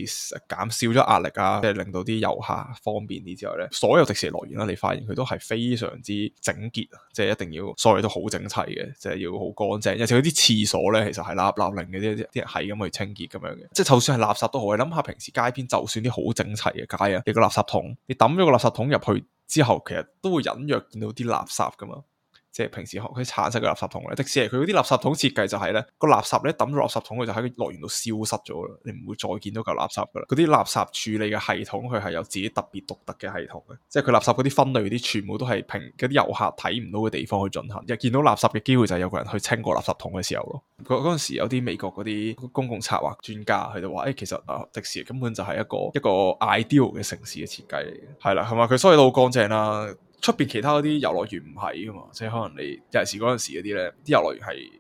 減少咗壓力啊，即係令到啲遊客方便啲之外咧，所有迪士尼樂園啦，你發現佢都係非常之整潔啊，即、就、係、是、一定要所有都好整齊嘅，即、就、係、是、要好乾淨。尤其啲廁所咧，其實係立立令嘅，啲啲人係咁去清潔咁樣嘅。即係就算係垃圾都好，你諗下平時街邊就算啲好整齊嘅街啊，你個垃圾桶，你抌咗個垃圾桶入去。之後，其實都會隱約見到啲垃圾噶嘛。即係平時佢橙色嘅垃圾桶咧，迪士尼佢嗰啲垃圾桶設計就係咧，個垃圾咧抌咗垃圾桶佢就喺個樂園度消失咗啦，你唔會再見到嚿垃圾噶啦。嗰啲垃圾處理嘅系統佢係有自己特別獨特嘅系統嘅，即係佢垃圾嗰啲分類啲全部都係平，嗰啲遊客睇唔到嘅地方去進行，一見到垃圾嘅機會就係有個人去清過垃圾桶嘅時候咯。嗰嗰陣時有啲美國嗰啲公共策劃專家佢就話，誒、哎，其實啊，迪士尼根本就係一個一個 ideal 嘅城市嘅設計嚟嘅，係啦，係咪、啊？佢所以都好乾淨啦。出邊其他嗰啲遊樂園唔係噶嘛，即係可能你尤其係嗰陣時嗰啲咧，啲遊樂園係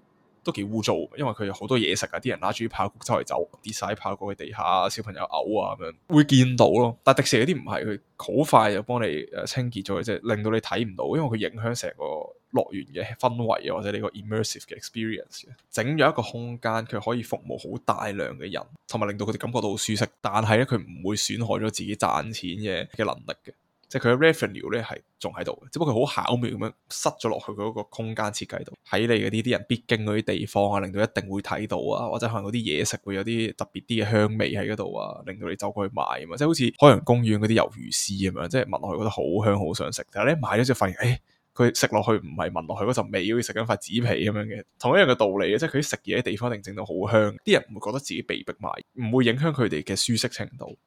都幾污糟，因為佢有好多嘢食噶，啲人拉住啲爆谷走嚟走，跌晒爆谷去地下，小朋友嘔啊咁樣，會見到咯。但迪士尼嗰啲唔係，佢好快就幫你誒清潔咗，佢，即係令到你睇唔到，因為佢影響成個樂園嘅氛圍啊，或者你個 immersive 嘅 experience 整咗一個空間，佢可以服務好大量嘅人，同埋令到佢哋感覺到好舒適。但係咧，佢唔會損害咗自己賺錢嘅嘅能力嘅。即係佢嘅 revenue 咧係仲喺度，嘅，只不過佢好巧妙咁樣塞咗落去佢嗰個空間設計度，喺你嗰啲啲人必經嗰啲地方啊，令到一定會睇到啊，或者可能嗰啲嘢食會有啲特別啲嘅香味喺嗰度啊，令到你走過去買啊，嘛。即係好似海洋公園嗰啲魷魚絲咁樣，即係聞落去覺得好香，好想食。但係咧買咗之後發現，誒佢食落去唔係聞落去嗰陣味，好似食緊塊紙皮咁樣嘅，同一樣嘅道理嘅，即係佢食嘢嘅地方定整到好香，啲人唔會覺得自己被逼買，唔會影響佢哋嘅舒適程度。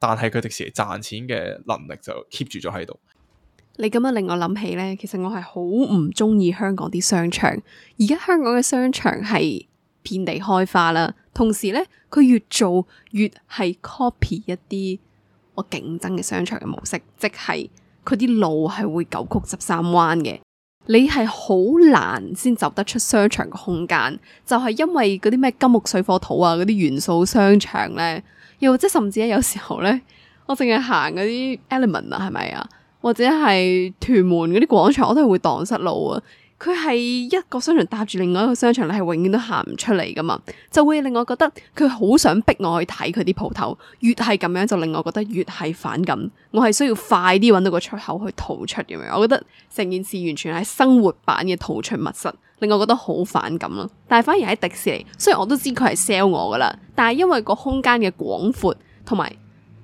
但係佢迪士尼賺錢嘅能力就 keep 住咗喺度。你咁樣令我諗起呢，其實我係好唔中意香港啲商場。而家香港嘅商場係遍地開花啦，同時呢，佢越做越係 copy 一啲我競爭嘅商場嘅模式，即係佢啲路係會九曲十三彎嘅。你係好難先走得出商場嘅空間，就係因為嗰啲咩金木水火土啊嗰啲元素商場呢。又或者甚至咧，有時候咧，我淨係行嗰啲 Element 啊，係咪啊？或者係屯門嗰啲廣場，我都係會蕩失路啊！佢係一個商場搭住另外一個商場，你係永遠都行唔出嚟噶嘛？就會令我覺得佢好想逼我去睇佢啲鋪頭，越係咁樣就令我覺得越係反感。我係需要快啲揾到個出口去逃出咁樣。我覺得成件事完全係生活版嘅逃出密室。令我覺得好反感咯，但係反而喺迪士尼，雖然我都知佢係 sell 我㗎喇，但係因為個空間嘅廣闊同埋。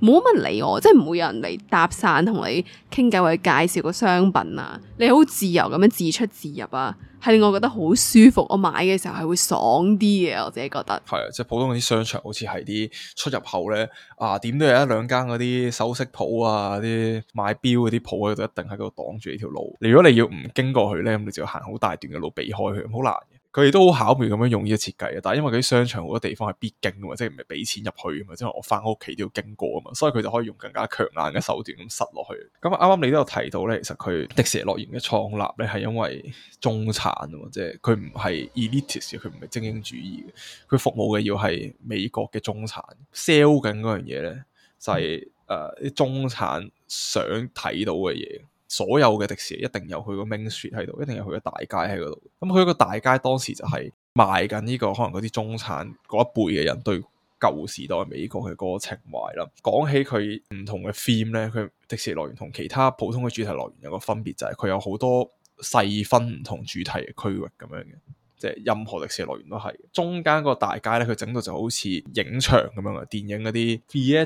冇乜理我，即係唔會有人嚟搭訕同你傾偈或者介紹個商品啊，你好自由咁樣自出自入啊，係令我覺得好舒服。我買嘅時候係會爽啲嘅，我自己覺得。係啊，即係普通嗰啲商場，好似係啲出入口咧，啊點都有一兩間嗰啲首飾鋪啊，啲買錶嗰啲鋪喺度，一定喺度擋住呢條路。你如果你要唔經過佢咧，咁你就要行好大段嘅路避開佢，好難。佢哋都好巧妙咁樣用呢個設計啊，但係因為嗰啲商場好多地方係必經嘅嘛，即係唔係俾錢入去啊嘛，即係我翻屋企都要經過啊嘛，所以佢就可以用更加強硬嘅手段咁塞落去。咁啱啱你都有提到咧，其實佢迪士尼樂園嘅創立咧係因為中產啊嘛，即係佢唔係 elitist，佢唔係精英主義，佢服務嘅要係美國嘅中產 sell 緊嗰樣嘢咧就係誒啲中產想睇到嘅嘢。所有嘅迪士尼一定有佢個冰 t 喺度，一定有佢個大街喺嗰度。咁佢一個大街當時就係賣緊、這、呢個可能嗰啲中產嗰一輩嘅人對舊時代美國嘅嗰個情懷啦。講起佢唔同嘅 theme 咧，佢迪士尼樂園同其他普通嘅主題樂園有個分別就係、是、佢有好多細分唔同主題嘅區域咁樣嘅，即係任何迪士尼樂園都係。中間個大街咧，佢整到就好似影場咁樣嘅電影嗰啲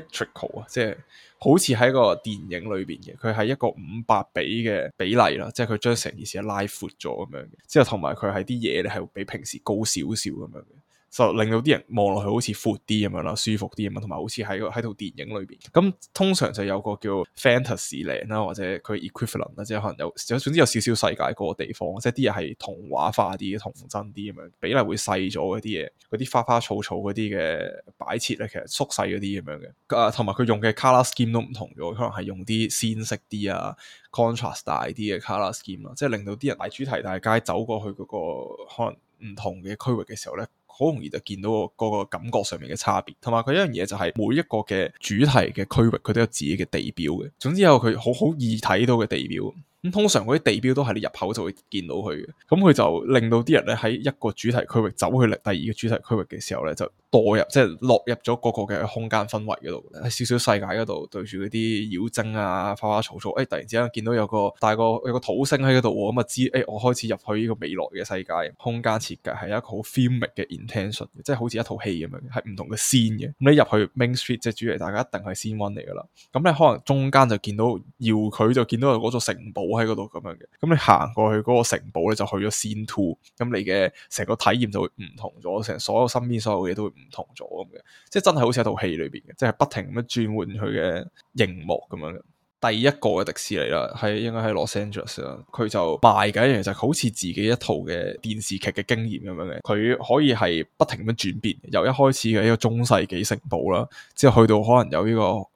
theatrical 啊，即係。好似喺個電影裏邊嘅，佢係一個五百比嘅比例咯，即係佢將成件事拉闊咗咁樣嘅，之後同埋佢係啲嘢咧係比平時高少少咁樣嘅。就令到啲人望落去好似闊啲咁樣啦，舒服啲咁樣，同埋好似喺喺套電影裏邊。咁通常就有個叫 Fantasyland 啦，或者佢 equivalent 啦，即係可能有有總之有少少世界嗰個地方，即係啲嘢係童話化啲、童真啲咁樣，比例會細咗嗰啲嘢，嗰啲花花草草嗰啲嘅擺設咧，其實縮細嗰啲咁樣嘅。啊，同埋佢用嘅 color scheme 都唔同咗，可能係用啲鮮色啲啊，contrast 大啲嘅 color scheme 咯，即係令到啲人大主題大街走過去嗰個可能唔同嘅區域嘅時候咧。好容易就見到個個感覺上面嘅差別，同埋佢一樣嘢，就係每一個嘅主題嘅區域，佢都有自己嘅地標嘅。總之有佢好好易睇到嘅地標。咁通常嗰啲地標都係你入口就會見到佢嘅，咁佢就令到啲人咧喺一個主題區域走去第二個主題區域嘅時候咧，就墮入即係、就是、落入咗各個嘅空間氛圍嗰度，喺小小世界嗰度對住嗰啲妖精啊，花花草草，誒、哎、突然之間見到有個大個有個土星喺嗰度，咁啊知誒、哎、我開始入去呢個未來嘅世界，空間設計係一個 filmic intention, 好 filmic 嘅 intention，即係好似一套戲咁樣，係唔同嘅 scene 嘅。咁你入去 Main Street 即係主題，大家一定係 scene one 嚟噶啦。咁咧可能中間就見到要佢就見到有嗰座城堡。我喺嗰度咁樣嘅，咁你行過去嗰個城堡咧，你就去咗 scene two，咁你嘅成個體驗就會唔同咗，成所有身邊所有嘢都會唔同咗嘅，即係真係好似一套戲裏邊嘅，即係不停咁樣轉換佢嘅熒幕咁樣。第一個嘅迪士尼啦，喺應該 Los Angeles 啦，佢就賣緊一樣就好似自己一套嘅電視劇嘅經驗咁樣嘅，佢可以係不停咁樣轉變，由一開始嘅一個中世紀城堡啦，之後去到可能有呢個。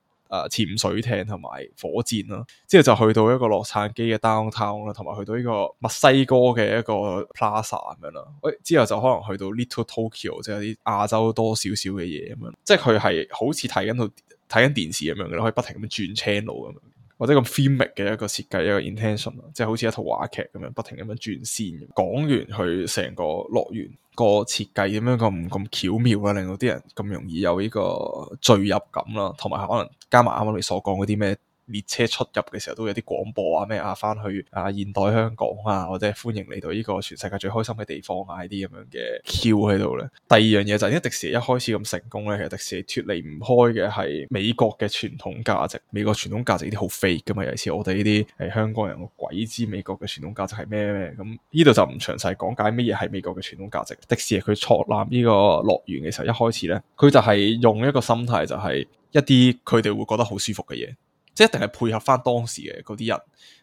誒潛水艇同埋火箭咯，之後就去到一個洛杉磯嘅 downtown 啦，同埋去到呢個墨西哥嘅一個 plaza 咁樣啦。喂，之後就可能去到 Little Tokyo，即係啲亞洲多少少嘅嘢咁樣。即係佢係好似睇緊套睇緊電視咁樣嘅，可以不停咁轉 channel 咁樣。或者咁 f i l m 嘅一個設計，一個 intention 啊，即係好似一套話劇咁樣不停咁樣轉線，講完佢成個樂園，個設計咁樣咁唔咁巧妙啊，令到啲人咁容易有呢個墜入感啦。啊，同埋可能加埋啱啱你所講嗰啲咩？列車出入嘅時候都有啲廣播啊咩，啊翻去啊現代香港啊，或者歡迎嚟到呢個全世界最開心嘅地方啊，呢啲咁樣嘅 Q 喺度咧。第二樣嘢，就係、是、呢，迪士尼一開始咁成功咧，其實迪士尼脫離唔開嘅係美國嘅傳統價值。美國傳統價值呢啲好 fake 噶嘛，尤其是我哋呢啲誒香港人，我鬼知美國嘅傳統價值係咩咩咁？呢、嗯、度就唔詳細講解乜嘢係美國嘅傳統價值。迪士尼佢創立呢個樂園嘅時候，一開始咧，佢就係用一個心態就係一啲佢哋會覺得好舒服嘅嘢。即一定係配合翻當時嘅嗰啲人，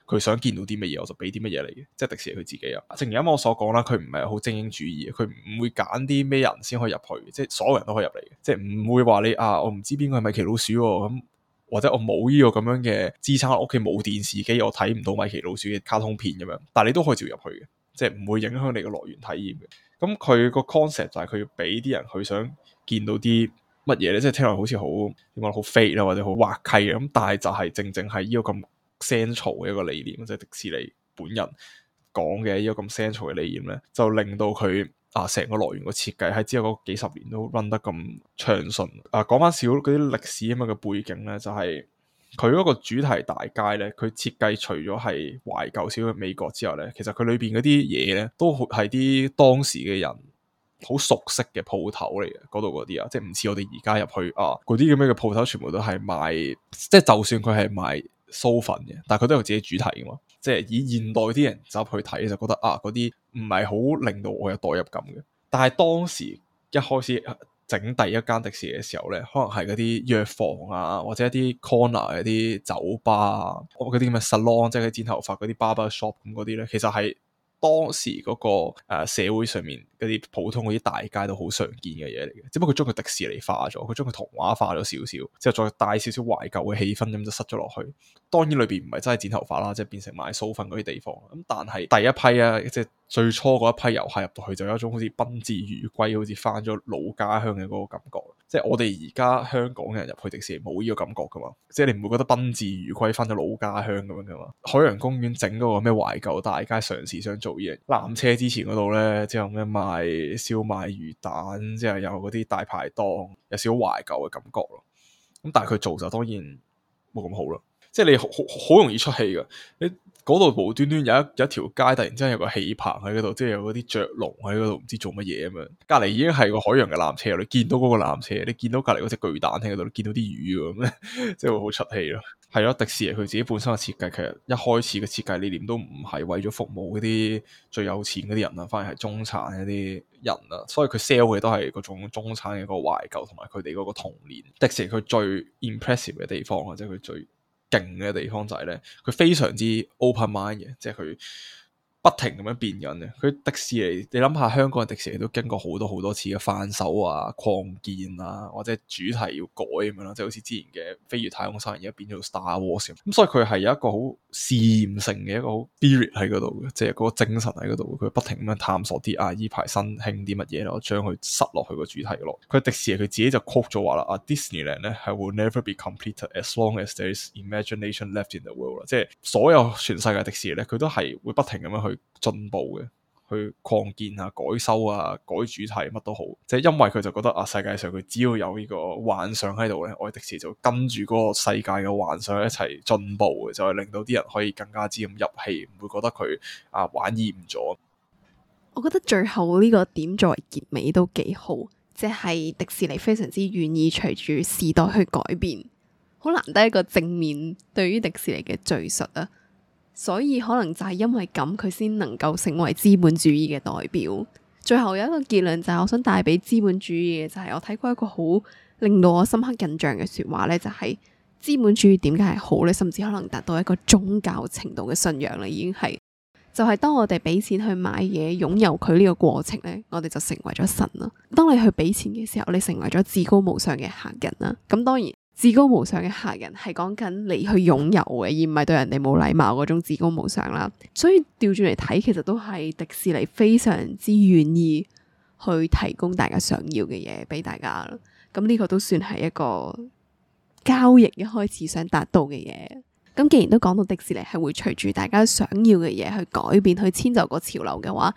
佢想見到啲乜嘢，我就俾啲乜嘢嚟嘅。即係迪士尼佢自己啊，正如啱啱我所講啦，佢唔係好精英主義，佢唔會揀啲咩人先可以入去，即係所有人都可以入嚟嘅，即係唔會話你啊，我唔知邊個係米奇老鼠咁，哦，或者我冇呢個咁樣嘅支撐屋企冇電視機，我睇唔到米奇老鼠嘅卡通片咁樣，但係你都可以照入去嘅，即係唔會影響你嘅樂園體驗嘅。咁佢個 concept 就係佢要俾啲人佢想見到啲。乜嘢咧？即係聽落好似好點講好 fake 啦，ade, 或者好滑稽咁。但係就係正正係呢個咁 central 嘅一個理念，即係迪士尼本人講嘅呢個咁 central 嘅理念咧，就令到佢啊成個樂園個設計喺之後嗰幾十年都 run 得咁暢順。啊，講翻少嗰啲歷史噉樣嘅背景咧，就係佢嗰個主題大街咧，佢設計除咗係懷舊少少美國之外咧，其實佢裏邊嗰啲嘢咧都好係啲當時嘅人。好熟悉嘅鋪頭嚟嘅，嗰度嗰啲啊，即係唔似我哋而家入去啊，嗰啲咁樣嘅鋪頭，全部都係賣，即係就算佢係賣梳粉嘅，但係佢都有自己主題噶嘛，即係以現代啲人走去睇就覺得啊，嗰啲唔係好令到我有代入感嘅。但係當時一開始整第一間迪士尼嘅時候咧，可能係嗰啲藥房啊，或者一啲 corner 嗰啲酒吧啊，嗰啲咁嘅 salon，即係剪頭髮嗰啲 barber shop 咁嗰啲咧，其實係當時嗰、嗰個誒、呃、社會上面。嗰啲普通嗰啲大街都好常見嘅嘢嚟嘅，只不過佢將佢迪士尼化咗，佢將佢童話化咗少少，之後再帶少少懷舊嘅氣氛，咁就塞咗落去。當然裏邊唔係真係剪頭髮啦，即係變成買鬚粉嗰啲地方。咁但係第一批啊，即係最初嗰一批遊客入到去就有一種好似賓至如歸好似翻咗老家鄉嘅嗰個感覺，即係我哋而家香港嘅人入去迪士尼冇呢個感覺噶嘛，即係你唔會覺得賓至如歸翻咗老家鄉咁樣噶嘛。海洋公園整嗰個咩懷舊大街，嘗試想做嘢纜車之前嗰度咧，之後咩嘛？係燒賣魚蛋，即係有嗰啲大排檔，有少少懷舊嘅感覺咯。咁但係佢做就當然冇咁好啦，即係你好好容易出氣噶。你嗰度無端端有一有一條街，突然之間有個氣棚喺嗰度，即係有嗰啲雀籠喺嗰度，唔知做乜嘢咁樣。隔籬已經係個海洋嘅纜車，你見到嗰個纜車，你見到隔籬嗰隻巨蛋喺嗰度，你見到啲魚咁，即係會好出氣咯。係咯，迪士尼佢自己本身嘅設計，其實一開始嘅設計理念都唔係為咗服務嗰啲最有錢嗰啲人啦，反而係中產一啲人啦。所以佢 sell 嘅都係嗰種中產嘅一個懷舊同埋佢哋嗰個童年。迪士尼佢最 impressive 嘅地方或者佢最勁嘅地方就係咧，佢非常之 open mind 嘅，即係佢，不停咁樣變緊嘅，佢迪士尼，你諗下香港嘅迪士尼都經過好多好多次嘅翻手啊、擴建啊，或者主題要改咁樣啦，即係好似之前嘅飛越太空山而家變咗 Star Wars 咁。嗯，所以佢係有一個好試驗性嘅一個好 spirit 喺嗰度嘅，即係嗰個精神喺嗰度，佢不停咁樣探索啲啊，依排新興啲乜嘢咯，將佢塞落去個主題度。佢迪士尼佢自己就 quote 咗話啦，啊 Disneyland 咧係 will never be completed as long as there's imagination left in the world。即係所有全世界迪士尼咧，佢都係會不停咁樣去。去進步嘅，去擴建啊、改修啊、改主題乜都好，即係因為佢就覺得啊，世界上佢只要有呢個幻想喺度咧，我哋迪士尼就跟住嗰個世界嘅幻想一齊進步嘅，就係令到啲人可以更加之咁入戲，唔會覺得佢啊玩厭咗。我覺得最後呢個點作為結尾都幾好，即係迪士尼非常之願意隨住時代去改變，好難得一個正面對於迪士尼嘅敘述啊。所以可能就係因為咁，佢先能夠成為資本主義嘅代表。最後有一個結論就係，我想帶俾資本主義嘅就係，我睇過一個好令到我深刻印象嘅說話咧，就係資本主義點解係好咧，甚至可能達到一個宗教程度嘅信仰啦，已經係就係當我哋俾錢去買嘢，擁有佢呢個過程咧，我哋就成為咗神啦。當你去俾錢嘅時候，你成為咗至高無上嘅客人啦。咁當然。至高無上嘅客人係講緊你去擁有嘅，而唔係對人哋冇禮貌嗰種至高無上啦。所以調轉嚟睇，其實都係迪士尼非常之願意去提供大家想要嘅嘢，俾大家。咁呢個都算係一個交易一開始想達到嘅嘢。咁既然都講到迪士尼係會隨住大家想要嘅嘢去改變，去遷就個潮流嘅話。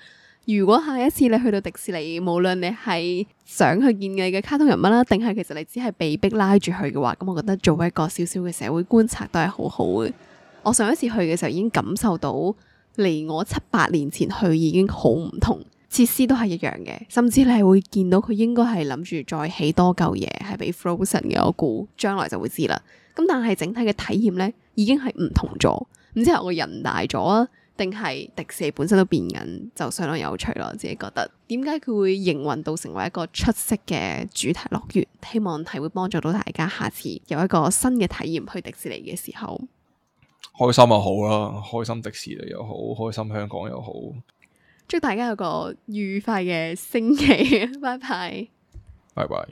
如果下一次你去到迪士尼，無論你係想去見你嘅卡通人物啦，定係其實你只係被迫拉住去嘅話，咁我覺得做一個小小嘅社會觀察都係好好嘅。我上一次去嘅時候已經感受到，離我七八年前去已經好唔同，設施都係一樣嘅，甚至你係會見到佢應該係諗住再起多舊嘢，係俾 Frozen 嘅，我估將來就會知啦。咁但係整體嘅體驗呢，已經係唔同咗，唔知係我人大咗啊？定係迪士尼本身都變緊，就相當有趣咯。我自己覺得，點解佢會營運到成為一個出色嘅主題樂園？希望係會幫助到大家，下次有一個新嘅體驗去迪士尼嘅時候，開心就好啦，開心迪士尼又好，開心香港又好。祝大家有個愉快嘅星期， 拜拜，拜拜。